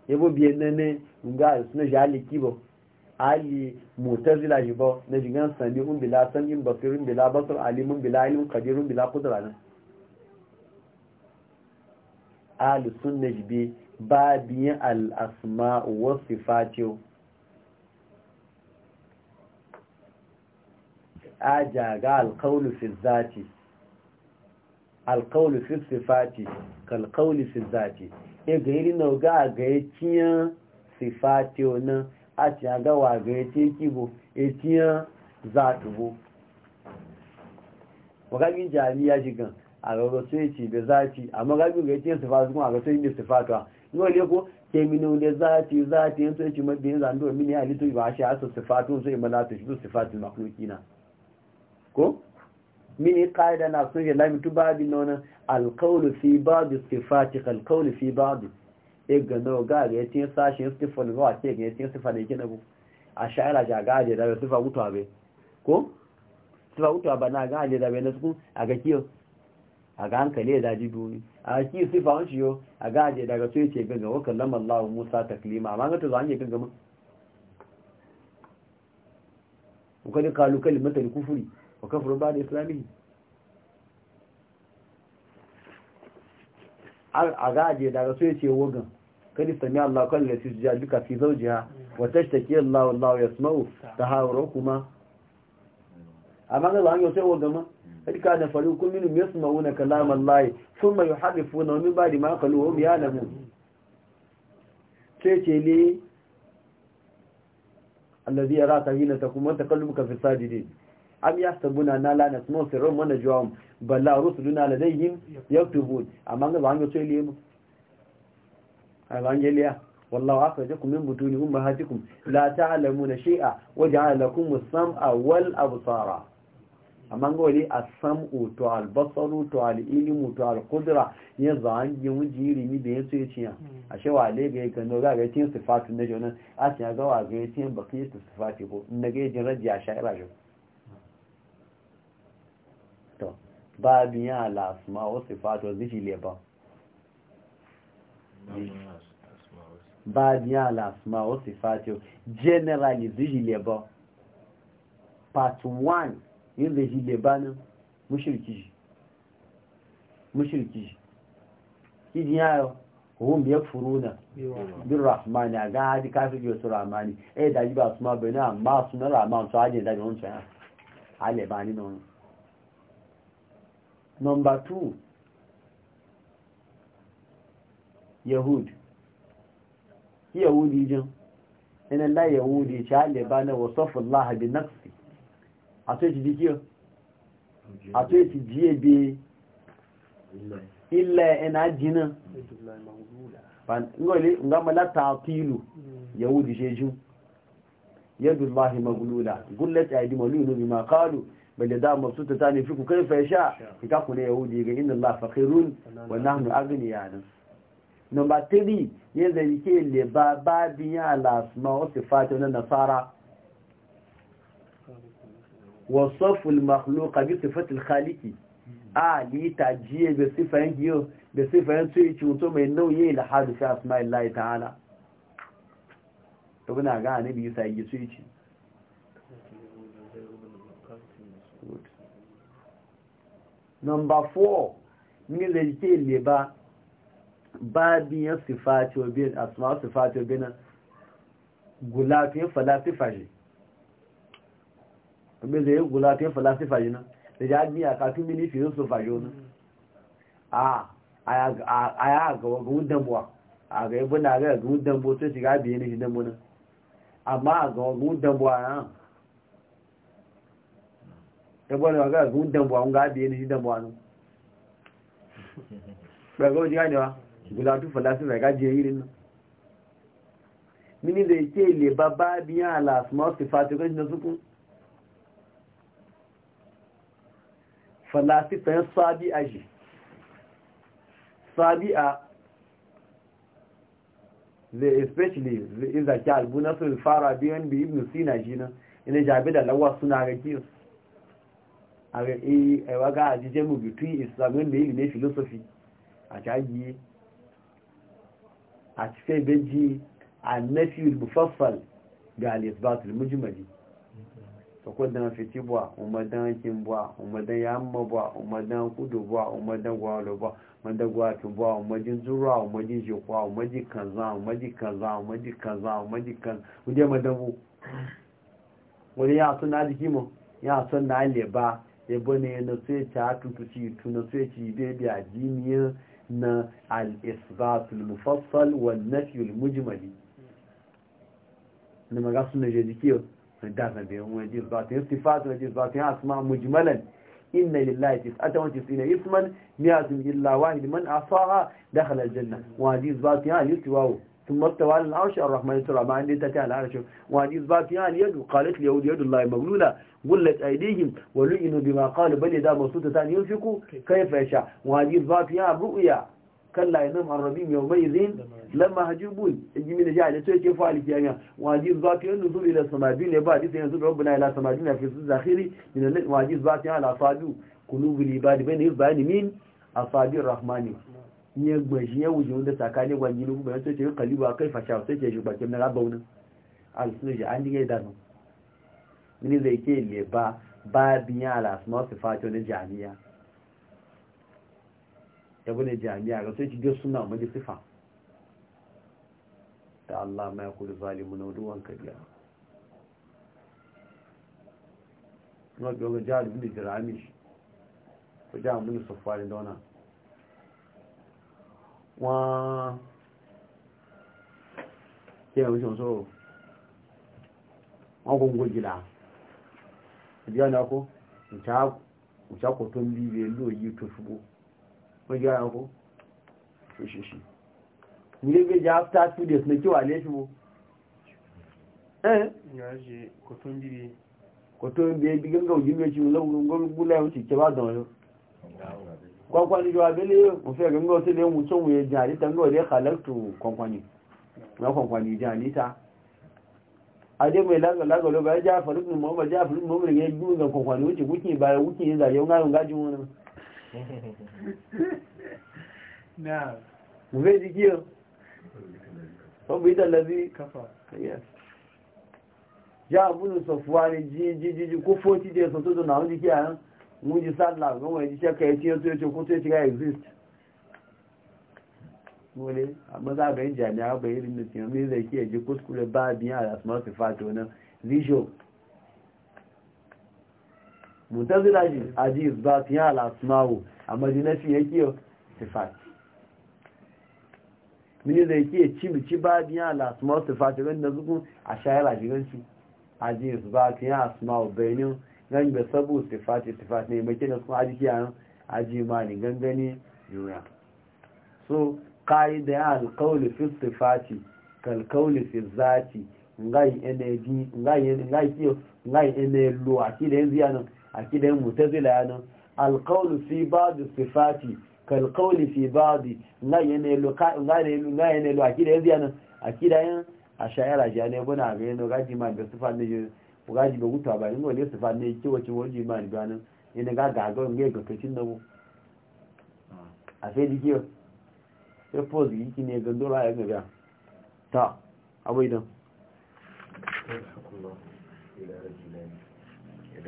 يبو بينا ني نغال سنجا علي متزلا جبو نجي نسان بلا سمع بصير بلا بصر عليم بلا علم قدير بلا قدرة نه. ahli sunna jibe babiyan al'asma wa sifatiyo aja ga alkaulu fi zati alkaulu fi sifati kalkaulu fi zati e ya ga iri na ga ga ya sifati sifatiyo nan a ti ga wa e ga ya ce kibo ya kiyan zatubo wakabin jami'a jigan. a gauro sai ce da zafi amma gabi ga yake su kuma a ga sai sufa ta ka yau ne ko ke mino ne zafi zafi yin sai ce mabiyin zando min ya halittu ba shi asu sifatun sai mana ta shi sufa sifatun makhluki na ko mini ka'ida na sun ya lamitu babi non alqawlu fi sufa ci alqawlu fi bi e ga ga ga yake sashin sifan ba ce ga yake sufa ne kina bu a sha'ira ja ga da sufa sifa gutabe ko sufa sifa ba na ga da bai na su a ga kiyo a ga hankali ya daji duni a ki sifa an ciyo a ga aje daga so yace gaga wa kallama Allah Musa taklima amma ga to zan yi gaga mu ko da kalu kalimata kufuri wa kafru ba da islami a ga aje daga so yace wogan kadi sami Allah kan lati jiya duka fi zawjiha wa tashtaki Allah wallahu yasma'u kuma. amma ga zan yi sai wogan ma قد da فريق منهم يسمعون da الله ثم يحرفونه من بعد ما قالوا هم يعلمون تيتلي الذي يرى تهينة تقوم وتقلبك في الساجدين am yastabuna na la nasmu sirrun wa najwahum balla rusuluna ladayhim yaktubun amma ga bango sai lemu evangeliya wallahu akhrajakum min butuni ummahatikum la ta'lamuna shay'a wa ja'ala lakum as-sam'a wal absara amma ga wani a sam'u to albasaru to al'ilimu to al'kudura ya zan hmm. yi jiri ni da ya so ya ciya a shewa ne ga yakan ga ga tiyan sifatu na jona a ciya ga wa ga tiyan baki su sifati ko na ga jin raji a sha'ira shi to ba ya la asma wa sifatu zishi le ba ba biya la asma wa sifatu generally zishi le ba part 1 yin zai shi lebanin mashirki shi mushirki shi kidin yayo hun biyar na bin rahmani a gan haji kafin yi wasu rahmani eh daji ba su ma bai na amma su na rahman su hajji daga wancan ya a lebani na wani number two yahud yahudi jin ina la yahudi ci a lebanin wasu fullaha bin nafsu àtúnṣe di kí o àtúnṣe di ebi ilẹ̀ ẹ̀nà jìnà ngọ́lé ngámọ́lá tààtílù yẹ̀wò di ṣe jù yẹ́dù láhì magulula gúnlẹ̀tì àìdí mọ̀lú inú mi máa kálù bẹ̀lẹ̀ dámọ̀ sún tẹta ní fíkù ga na nasara وصف المخلوق بصفة الخالق ali ta jiye da sifayen giyo da sifayen tsoye cuto mai nauyi da hadu asma'il lai ta'ala ta guna ga anabi yusa yi tsoye ci number 4 ni zai le ba ba biyan sifati obin asma'il sifati obin gulafin falasifa shi bai zai gula ta falasifa jina da jami'a kafin mini filosofa jona a a ya ga wagun damuwa a ga yi buna ga wagun damuwa sai shiga biyu ne shi damuwa amma a ba ke biya alasmar sifatu kan shi na sukun falasifayen sabi'a ji sabi'a the especially the izaki albunasul fara biyan bi ibn sina jina ina jabi da lawa suna ga kiyo a ga a ewa ga ajije mu between islam wanda yi ne filosofi a jagiye a cikin beji a nafi mufassal ga al-isbatul mujmali sokodan fiti bwa umadan kin bwa umadan yamma bwa umadan kudu bwa umadan gwalo bwa umadan gwatu bwa umadin zura umadin jikwa umadin kaza umadin kaza umadin kaza umadin kaza uje madabu wani ya suna jiki mu ya san na ba ya bane na su ta tutuci tuna sai ci bebe a jiniya na al mufassal wa nafyul mujmali ne maga suna je jiki دافن بهم ويجيز ذاتين صفات ويجيز ذاتين أسماء مجملا إن لله تسعة وتسعين اسما مئة إلا واحد من أعصاها دخل الجنة وهذه ذاتها يستواه ثم استوى على العرش الرحمن ترى ما عندي تتي على العرش وهذه ذاتها اليد قالت اليهود يد الله مغلولة غلت أيديهم ولئنوا بما قالوا بل إذا مبسوطة ينفقوا كيف يشاء وهذه ذاتها رؤيا kalla yanzu harabin yau mai zin lamma hajjubun jimi da shi a da ce fa alkiyanya wajiz ba ta yanzu zuwa ila samadu ne ba disa yanzu rabu na ila samadu na fi su zahiri wajiz ba ta yana alafadu kulubu libadi bai na yi min afadu rahmani ya gbashi ya wuce wanda tsakanin kai fasha sai ke rabaunin an yi dano mini zai ke leba jami'a ya bude jami'a ga sai cikin suna maji sifa da Allah mai kuri zalimu na ruwan Na kuma ga wani jihar bin jirami ko jihar bin safari da wana wọn kí ẹ̀rọ ṣe sọ́rọ̀ wọn kò ń gojìlá ìdí ọ̀nà ọkọ̀ ìṣàkótó ń bí ilé lóòyí to ṣubú wọ́n jẹ́ ẹranko ṣoṣoṣi nílé méjì after two days ní kí wà lé ṣubú kò tó ń bí ebi gẹ́gẹ́ òjú méjì lọ́gbọ́gbọ́lá ẹ̀hún ti jẹba dàn yọ kọ́kọ́ níjọ abẹ́lé òfin ẹ̀gẹ́gẹ́ tó lé ohun tó mu ẹ̀jìn àríta ní ọ̀dẹ́ kàlẹ́kùtù kọ̀ǹkọ̀nì wọ́n kọ̀ǹkọ̀nì ìjìn àríta adémọ̀ ìlágọ̀lágọ̀ ló bá jẹ́ àfọ̀lùkùn mọ́mọ́ jẹ́ àfọ̀lùkùn mọ́mọ́ na zai ji giyo wabu ita lazi kafa yes ya abunu sofuwa ne jijiji ko 40 days to to na wani kiya mun ji sallah ga wani ji shakka ya tiyo tiyo ko to ya exist mole amma za ga yin jami'a bayirin da tiyo me zai kiyaye kuskure ba biya da masu fato nan visual muntazila ji ajiz ba su yi al'asmawo a madinafi ya kiyo sifat mini zai kiyo cimici ba su yi al'asmawo sifat ran da zukun a shayar ajiranci ajiz ba su yi al'asmawo benin gan da sabu sifat sifat ne mai kina kuma ajiki a aji mani gangani juna so ƙa'ida ya alƙauli fi sifati kalƙauli fi zati ngai ene di ngai ene ngai kiyo ngai ene lo akida yanzu ya nan akidan mutazila nan alqawlu fi ba'd sifati kal qawli fi ba'd na yana lo ka na yana na yana lo akidan yanzu nan akidan ashayara jane bana ga yana gaji ma da sifan ne gaji ba guta ba ingo ne sifan ne kiwa ci wurji ma da ganin yana ga ga ga ga kacin da mu a sai dikiyo sai pose yiki ne gandora ya ga ta abai you.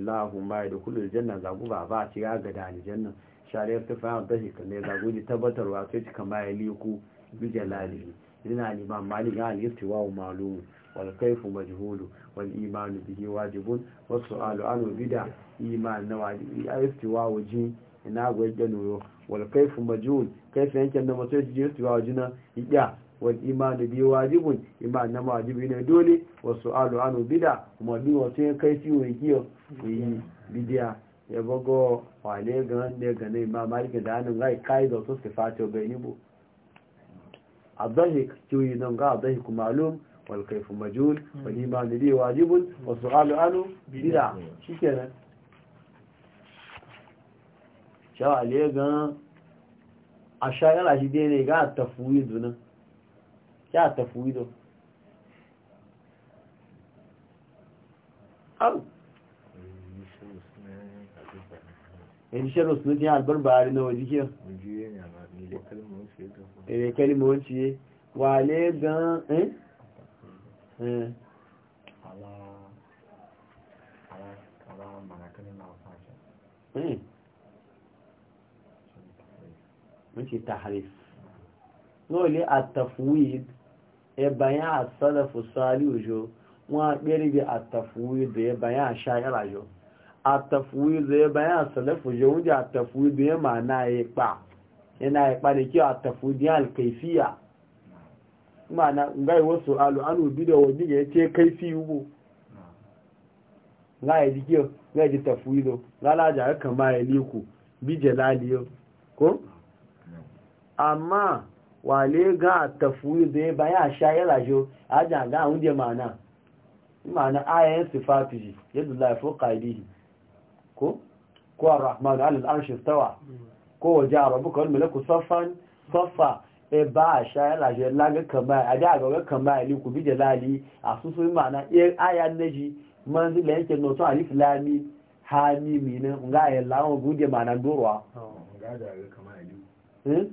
da kullu janna zagu ba ba ci ga da ni janna shari'a ta fa da shi kan zagu ji tabbatarwa sai ci kama ya liku bi jalali ina ni imam malik ya al wa ma'lum wal kayfu majhulu wal iman bihi wajibun wa su'alu anhu bid'a iman na wajibi al wa waji ina gwaje nuyo wal kayfu majhul kayfa yanke da mutum ji waji na iya والإيمان bi wajibun إيمان نما wajibi ne dole wa su'alu anu bida kuma bi wasu ya kai ciwo kiyo yi bidiya ya bago wane ga wanda ga ne ma malika da hannun rai kai da su sifato bai yi bu abdahik kiwi nan ga abdahik malum wal kaifu majul wal iman bi wajibun Wasu Alu anu ke nan shawa ne ga a shagala shi dai ne ga tafuyi nan ya tafuyi au in shirin su ne albar bari na waje ke ere kalima wanci ye wale gan eh, hmm. eh. mace hmm. tahrif lóòlé àtàfúwìd ẹbàyàn àtàlẹ̀fù sáàlì òjò wọ́n á gbẹ́rẹ̀ bí àtàfúwìd ẹbàyàn àṣáyàrà yóò a tafwizu ya bayan salafu ya wuce a tafwizu ya ma'ana ya kpa yana ya kpa da kyau a tafwizu ya alkaifiya ma'ana ngai wasu alu an ubi da wani ya ce kaifi ubu ga ya ji kyau ga ji tafwizu ga laja ya kama ya liku bi jalali yau ko amma wale ga a tafwizu ya bayan shayar jo a jaga a wunde ma'ana ma'ana ayayen sifatu ji yadda lafi ƙa'idihi ko ko ar-rahman alal arshi istawa ko waja rabbuka wal malaku saffan saffa e ba sha yana je laga kama a da ga kama ali ku bi jalali a su su ma'ana e aya naji manzila yake no to alif lami hamimi ne nga ya lawo guje ma'ana dorwa ga hmm? da ga kama ali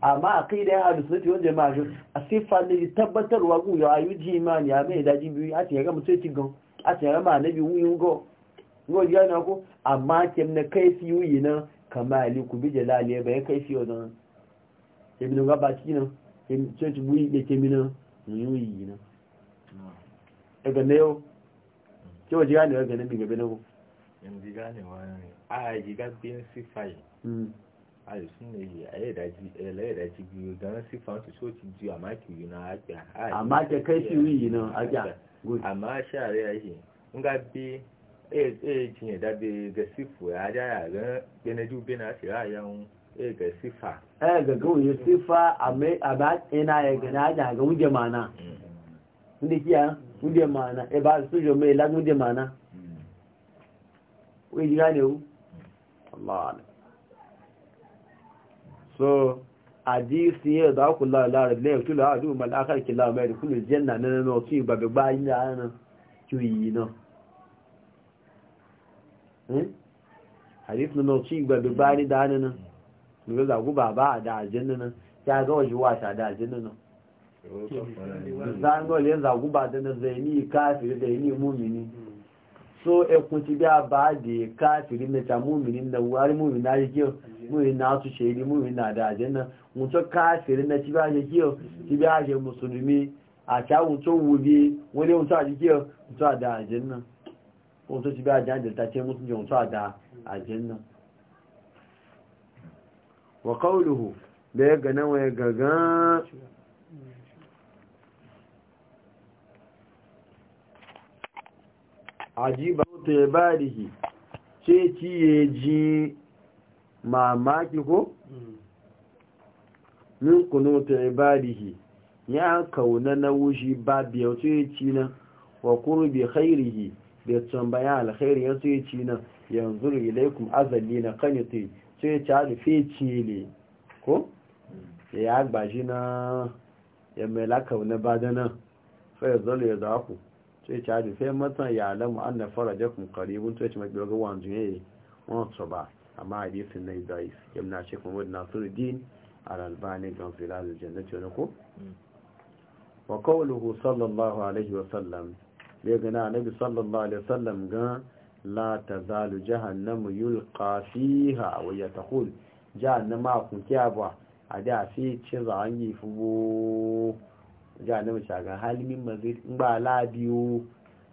amma a kai da ya hadu sunati wanda ya mashi a sifa ne tabbatarwa ku ya yi jimani ya mai daji biyu a cikin ga mutum cikin a cikin ga ma na biyu yi go yau ya na ku amma kem na kai fi yi nan kama ali bi jalali bai kai fi nan kem na gaba ci nan church bui da kemi nan mu yi yi nan hmm. daga na yau ki waje gane daga nan bigabe na ku yanzu gane wa ne a yi gaggin hmm. sifai a yi sun ne a yi daji biyu don sifa su so ti ji a maki yi na ajiya a maki kai fi yi nan ajiya amma shari'a yi in gabe ejiye dabe ga sifu ya jaya ga beneju bena shira ya hun e ga sifa e ga gawo ya sifa a mai ina ya gana da ga wuje mana wunde kiya wunde mana e ba su jo mai lagun wunde mana wai jira ne wu Allah so hadisi ya da ku la la le tu la du mal akhir kila mai kullu janna nan no su ba ba yin da nan ki yi no Hmm? hadith na nauci ga dubari da hannun nan ga zagu ba ba da aljanna nan ya ga waje wata da aljanna nan zan gole yanzu ba da na zai ni kafiri da ni mumini so ekun kun ti da ba de kafiri na ta mumini na wari mumini na jiyo mumini na su shedi mumini na da aljanna mun to kafiri na ti ba je jiyo ti ba je musulmi a ta mun to wubi wani mun to a jiyo mun to da aljanna ohun tó ti bí ajá ìdẹ̀ta tí mú jẹun tó àdá àjẹ́nà wọ̀kọ́ olùhù bẹ́ẹ̀ gẹ̀nà wọ́n wọn gẹ̀gán àjíbà tó yẹ báyìí ṣe tí yẹ jí mamaki ko min kunu ta ibadihi ya kauna na wuji babiya to ya ci na wa kháìrì yìí da tsan bayan alkhairi yanzu ya ci nan yanzu ilaikum azalli na kanite sai ya ci alufe ci ne ko ya yi agbaji na ya mai lakawa na bada nan sai zalo ya zaku sai ci alufe matan ya alamu an na fara jakun karibun sai ci mafi ga wanzu ya yi wancan ba amma hadisin na idris yamna shekwa wadda nasiruddin al-albani don filar da jannati wani ko mm. wa kawo sallallahu alaihi wasallam bai gana bi sallallahu alaihi wasallam gan la tazalu jahannamu yulqa fiha wa yataqul jahannama kun kiyaba a da fi ce za an yi fubo jahannama shagan halimin mazid in ba la biyu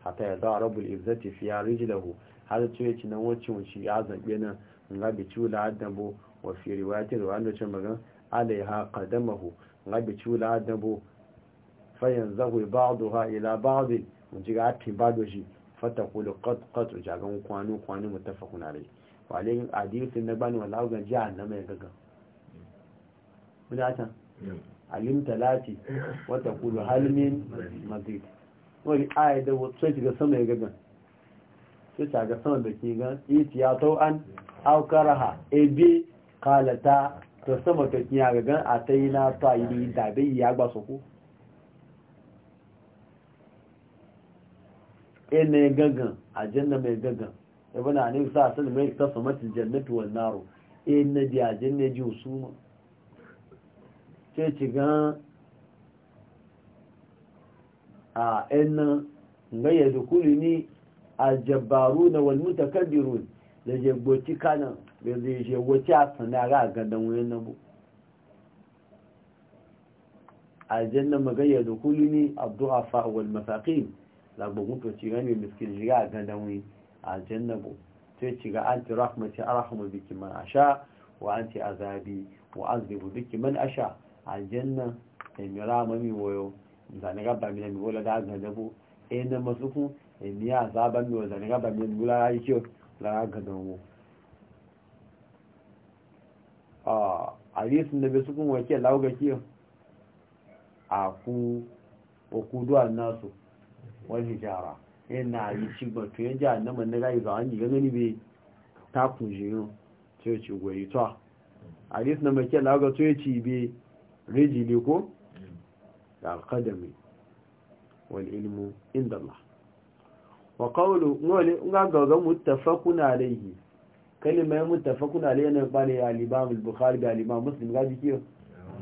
hata ya zawa rabbul izzati fiya rijlahu har ce ci nan wacce wacce ya zabe nan in ga bi cula adabu wa fi riwayati riwayati ce magan alaiha qadamahu in ga bi cula adabo fa yanzahu ha ila ba'd wunci ga tin ba doshi fata kulu ja jagan kwano kwano mutafa kunare wa yin hadithin na bani wala ga jihar na mai gaga wadatan alim talati wata kulu halmin mazid wani aya da wata sai shiga sama ya gaga sai ga sama da ke ga iti ya to an aukaraha bi qalata ta sama ta kiya gagan a ta yi na ta yi da bai ya gba su ku e ne gangan aljanna mai gangan ibn anil sa sun mai kafa mata jannatu wal naru e na di aljanna ji usuma ce ci gan a en ga ya dukuli ni aljabaruna wal mutakabbirun da je goci kana da je je wace a sanara ga dan wani nan bu aljanna magayya dukuli ni abdu'afa wal mafaqin lagbo to ci gani miskin shiga a gandan wi a jannabu sai ci ga an tiraf mace arhamu biki man asha wa an azabi wa azibu biki man asha a janna emira mami woyo zane gaba mi na mi wola da gandan bu e na masuku emiya azaba mi zane gaba mi na mi wola ya kiyo la gandan wo a hadisin da bai kun wake lauga kiyo a ku okudu nasu wani jara yana yi cigban to yin jihar na manna gaji ga wani gani bai takun jiyo ce ce gwai ta hadis na makiyar da aka ya ci bai rijili ko da alkadami wani ilmu inda Allah wa kawo wani gaggaga mutafakun alaihi kalimai mutafakun alaihi na bane ya mil bukhari da limamu muslim gaji kiyo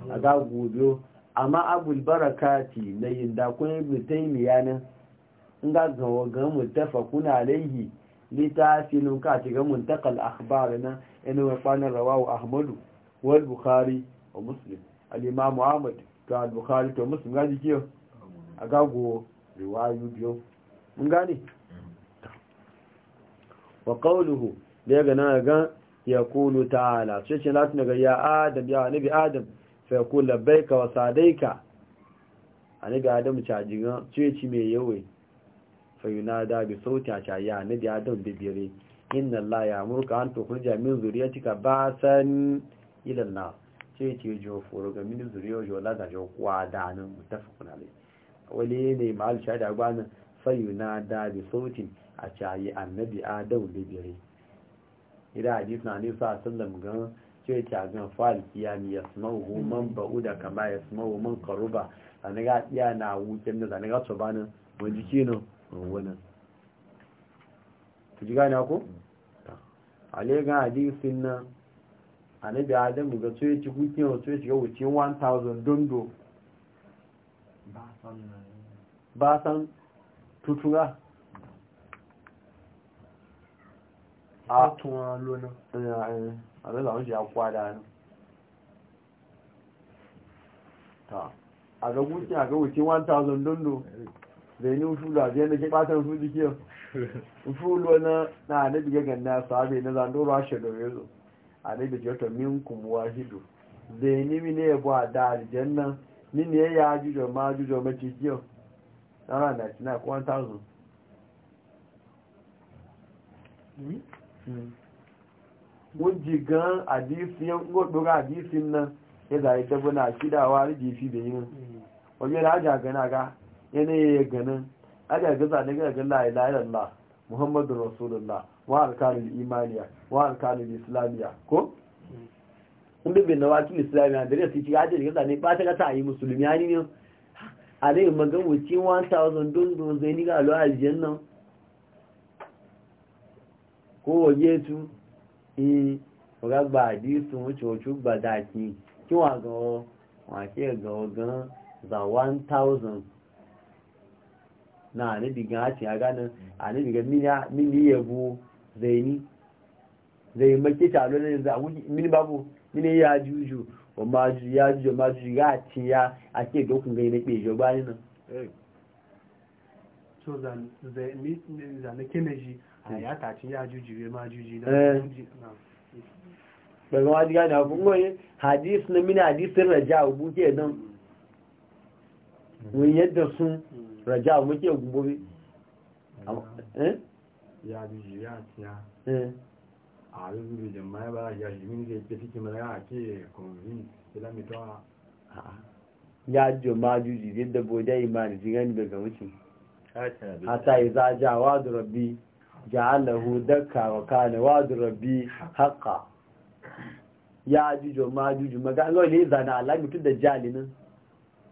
a ga gudu amma abul barakati na yin dakon yi taymiya nan nga gawa ga mutafa kuna alaihi littafin ka ci ga muntakal akhbar na ina wa kwanan rawawu ahmadu wal bukhari wa muslim al-imam ahmad ta bukhari to muslim ga jike a gago riwayu biyo mun gane wa qawluhu da ga na ga yaqulu ta'ala sai ce lati daga ya adam ya nabi adam sai yaqulu labbaika wa sadaika anabi adam ci ajin sai ci me yawai fayunada bi sauti a caya na da adam da biyare inna la ya murka an to kurja min zuriyatika ba san ilan na ce ce jo foro ga min zuriyo jo la da jo kwada nan mutafakun alai wale ne ma al da gwanin fayunada bi sauti a caya annabi adam da biyare ida hadith na ne sa sallam ga ce ta ga fal kiyami yasmahu man ba'uda kama yasmahu man qaruba sanaga iya na wucin da sanaga tsobanin wani jiki wannan ji gane ko alegan hadisin nan anabi adam ga tsoye ci gukiyar tsoye ci ga wuce 1000 dondo ba san tutura a tuwa lona eh, eh, a zai zaunci ya kwada ne ta a ga a ga wuce 1000 dondo eh. da yi usulu a zai na ke ɓatan su jiki usulu na na anabi ga na sabi na zandoro a shekaru yanzu anabi ce wata min kumuwa hidu zai ni ne ya bu a da alijan nan ni ne ya jujo ma jujo ma jiki tara na tina ko 1000 hmm? hmm. mun wujji gan adisiyan gudura adisin nan ya zai tabbana kidawa rijifi da yi mun hmm. wajen hajja gana ga yanayi ganin agagaza ne ga la ilaha illallah muhammadu rasulullah wa arkanul imaniya wa arkanul islamiya ko inda bin nawakil islamiya da ne su ci gaje ga ne ba ta ga ta yi musulmi ya ne a dai magan wuce 1000 dundun zai ni ga alwa aljanna ko waje tu in ga gba hadisin wuce wuce gba daki kiwa ga wa ke ga gan za 1000 na anabi ga haci a ganin anabi ga mini yabo zai ni zai maki talo ne yanzu a wuce mini babu mini ya juju wa ma ya juju ma juju ga haci ya ake ga kun gai na ɓejo bayan nan eh. so zane keneji a ya taci ya juju ya ma juju na daga eh. wajen gani a kun hadis na mini hadisin raja a buke don wani yadda sun mm. raja muke gobe ya bi ya tiya a ba ya min ke ya ke ya da imani jigani daga wuce hata ya za ja wadu rabbi ja'alahu dakka wa kana wadu rabbi haqa ya juju ma juju magana ne zana alamitun da jalinin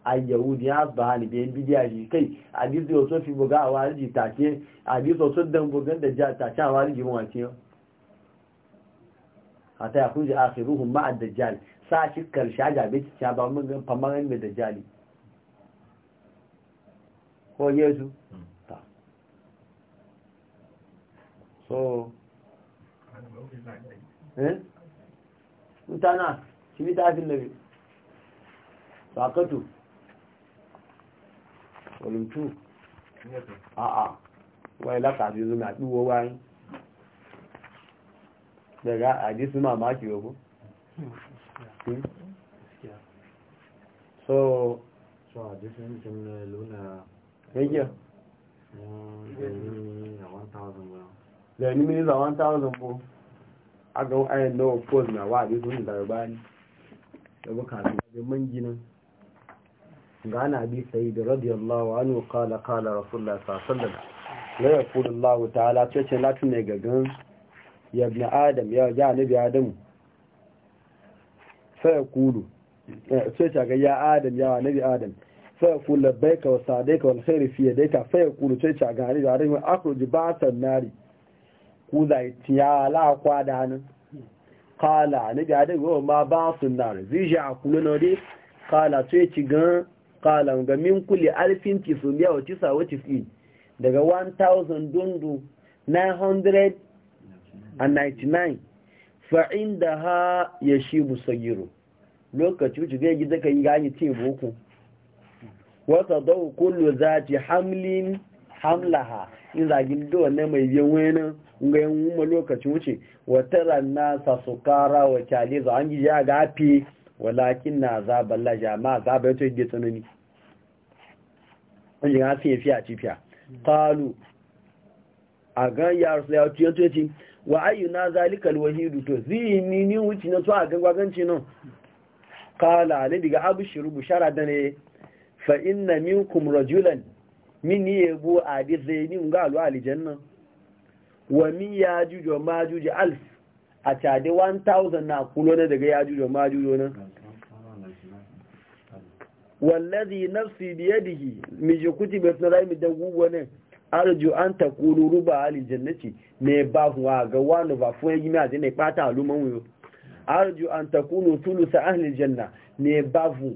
a yahudi ya ba ni halibayen bidiya shi kai a bisu yau sofi buga a wariji take a bisu sun dan bugan da ja take a wariji mawace yau a ta yakun ji a khiruhun ma'ad da jali sa shi karshe a jabe ci ya ba mun famarin da dajjali ko yesu ta so eh mutana shi ta fi nabi sakatu volume 2 a'a wai látàdí ló ní àpíwọ́ wáyé gbẹ̀rẹ̀ àdísí máa máa kìí ogun so so àdísí ní ti mú ló na ẹjẹ́ lẹ́ni mínísà 1000 bó agan ayan náà fóòsì náà wà àdísí ní ìdàrúbá ní ẹgbẹ́ kàtàkì mọ́ gínan ga ana bi sai da radiyallahu anhu kala kala rasulullah sallallahu alaihi wa sallam ya ce la tun ga kulu eh, ya adam ya nabi adam sai kulu labbaika wa sadaika wal khairu fi yadaika sai kulu ya rima akru ya la kwada kala nabi adam oh, ma ba sunnar zija kulu nodi kala qala ga min kulli alfin tisumiya wa tisa wa tisin daga 1000 dundu 999 fa indaha yashibu sagiru lokaci wuce zai gida kan gani ce boku wata dau kullu zati hamlin hamlaha in zagin do ne mai biyan wani ga yan umma lokacin wuce wata ranna sa sukara wa kyale za an gija gafi walakin na azaballa jama'a azaba yato yadda tsanani wọ́n yìí fi fi àti fi à kọlu àgán ya rọ̀sọ̀lẹ̀ ọtí ọtí ọtí wà áyù náà zalikal wahidu to zí ní ní wuce na tó àgán gwaganci nan. kọla ní daga abushiru bushara da ne fa min minkum rajulan min yabo adi zaini ga alu aljanna wa min ma majuju alf a tade 1000 na kulo na daga ma majuju na wallazi nafsi biyadihi mi kuti be tsara mi da gugu arju an takulu ruba ali jannati me ba huwa ga wani ba fuwa yi mai ne pata aluman wuyo arju an takulu thulusa ahli janna me ba fu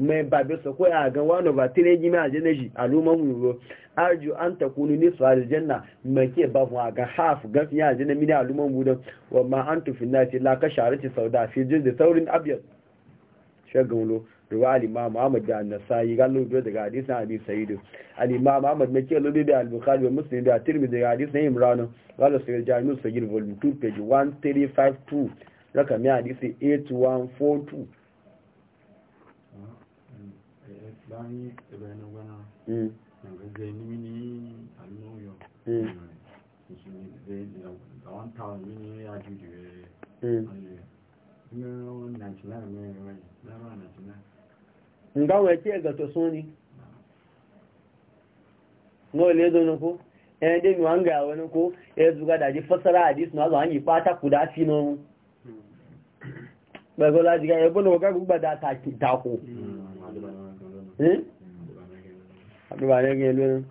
me ba be so ko ga wani ba tire yi mai ne shi aluman wuyo arju an takulu nisu ahli janna me ke ba huwa ga half ga ne wa ma antu fi nati la ka sharati sauda fi saurin abyad ruwa al-imam Ahmad da An-Nasa'i gallo biyo daga hadisin Abi Sa'id al-imam Ahmad ne ke lobe da al-Bukhari da Muslim da Tirmidhi da hadisin Imran gallo sai Jami'u Sagir volume 2 page 1352 rakami hadisi 8142 Mm. nga wete egato suni ngo le do nuko eh de mi wanga da hadis na zo hangi pata kuda fi no hmm. ba go la diga e bono dako hmm. Hmm?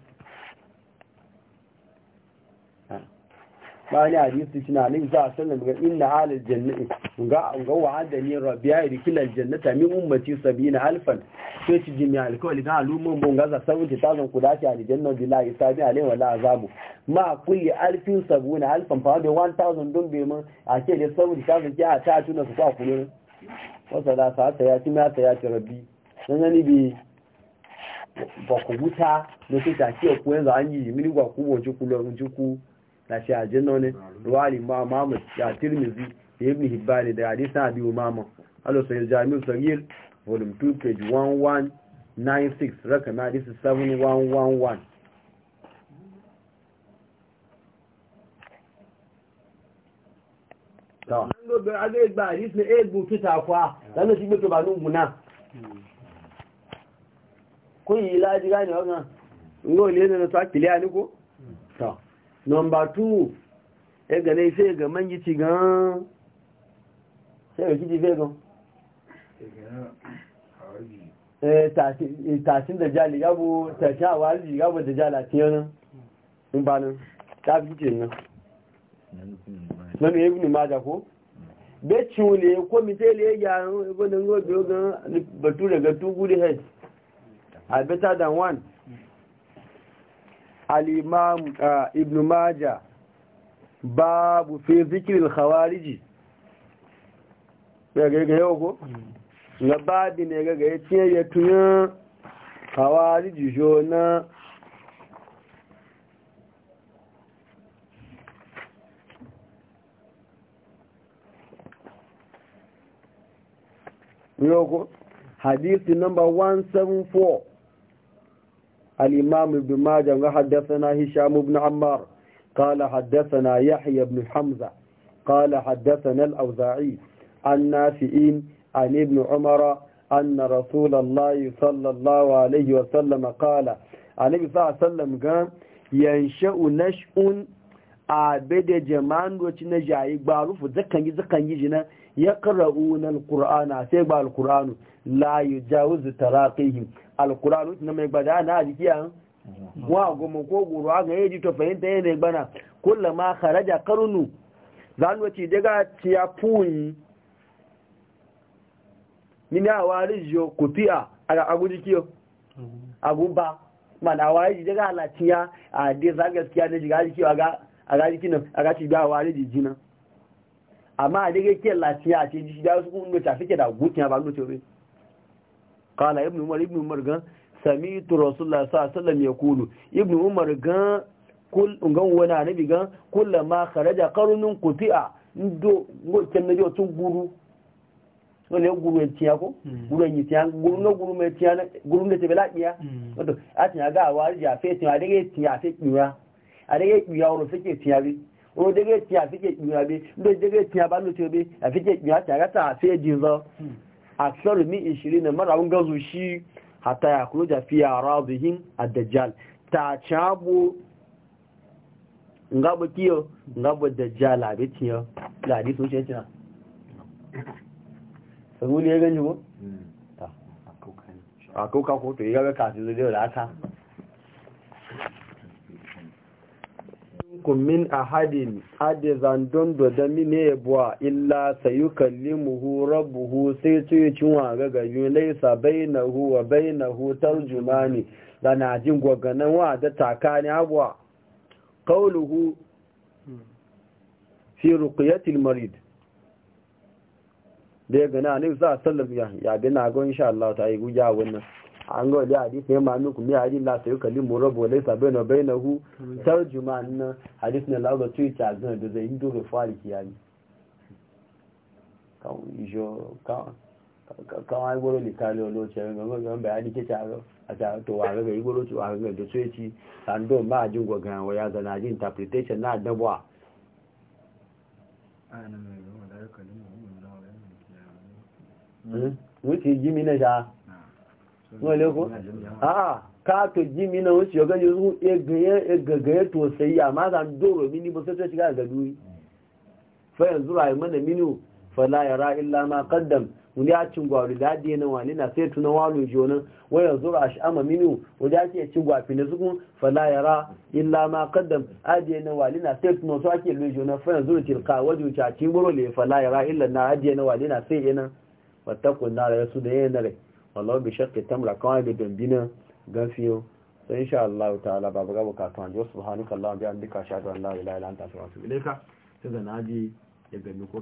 bani hadisi tuna ne za a sallam ga inna halal jannati ga ga wa'ada ni rabbiya ya dikila jannata min ummati sabina alfan sai ci jimi alkawali ga alumman bon ga sabun ta zan kuda ci aljanna billahi sabi alai wala azabu ma kulli alfin sabuna alfan fa da 1000 dun bai mun a ce da sabun ta zan ki a ta tuna su kwa kullu wasa da sa ta ya ci ma ta ya ci rabbi dan gani bi ba ku buta da su ta ce ku yanzu an yi mini ku bo ku lo ku tashi a jinna ne ruwali ma mamu da tirmizi da da hadisan abi umama alo sai jami'u volume 2 page 1196 rakam hadisi 7111 ta lo be ade gba hadisi ne egbu tutafa lanu ti gbe Number two, ẹgbẹ̀ ní iṣẹ́ ẹgbẹ̀ mẹ́jì ti gan-an. Ṣé ẹ̀rọ kí gan? dẹ̀jálì tẹ̀ṣẹ́ àwárí dẹ̀jálì àti ń bá ní lè kó mi tẹ́ lè yà ẹgbẹ́ better al'imam ibn maja babu fi zikirin khawariji ya gaga yau ko? na mm. babi ne gaga ya ya tuya khawariji jo na yau ko? number 174 الإمام ابن ماجه حدثنا هشام بن عمار قال حدثنا يحيى بن حمزة قال حدثنا الأوزاعي عن نافئين عن ابن عمر أن رسول الله صلى الله عليه وسلم قال عن ابن صلى الله عليه وسلم قال ينشأ نشأ عبد جمان وشنا جاي بارو فزكني زكني جنا يقرؤون القرآن سيبع القرآن la yi jawuzi tarakihi alkuran ruti na mai gbada na jikiya wa goma ko goro aga yi jito fahimta yi mai gbana kula ma haraja karnu za a nwace daga tiya puyi nini a wari jiyo ku tiya a agu jikiyo agu ba ma na wari ji daga latiya a dai zagaskiya na jiga jikiyo a ga na a ga ci ga wari ji jina amma a daga ke latiya a ce jiki da wasu kuma nwace a fike da gutiya ba nwace obin qala ibn umar ibn umar gan sami'tu rasulullah sallallahu alaihi wasallam yaqulu ibn umar gan kul ngan wani anabi gan kullama kharaja qarnun quti'a ndo ngo kenna jo tun guru wala guru en tiya ko guru en tiya guru no guru me tiya guru ne tebela iya to ati aga wa ja fe tiya dege tiya fe kiwa adege kiwa o dege tiya fe kiwa bi ndo dege tiya ba lo tiya bi a ke kiwa ta ga ta fe jinzo aksar min 20 mara gazu shi hatta ya da fiya razihin ad-dajjal ta chabo ngabo kiyo ngabo dajjal abitiyo la hadisi sun ce tina ya ganji ko a ko to ya ga kasu da ta minkum min ahadin ade zandon do da mine bua illa sayukallimuhu rabbuhu sai tuyi cinwa ga gayu laisa bainahu wa bainahu tarjumani na jin gwaganan wa da takani abwa qawluhu fi ruqyati almarid da ga na ne za sallam ya ya bina go insha Allah ta yi guja wannan an ga wajen hadis ne ma nuku mai hadis la sai kalli rabu na bai na hu tarjuma na hadis na lagos tuyi ta zana da zai indo rufu alkiyami kan ai gwaro likali oloce gangan bayani a ta ga igoro ci wa ga da tuyi ci ma jin gwagan wa ya zana na dabwa hmm? wuce a'a ka to ji mi na wuce yoga ji su e amma mini fa mana fala yara illa ma ya cin gwari da dai na wani na sai tuna walo jonan wai ama minu wanda ake ci gwafi na sukun falayara illa ma adiye na na sai tunan su ake lo jonan fa yanzu tilka wajen ta ci goro le na adiye na na sai ina wattaqun nar su da yana Allah bi shakka tamra kawai da dambina gafiyo sai insha Allah ta'ala babu ga ka an jiwa subhanaka Allah bi an dika shahadu an la ilaha illa anta astaghfiruka sai da naji ya gani ko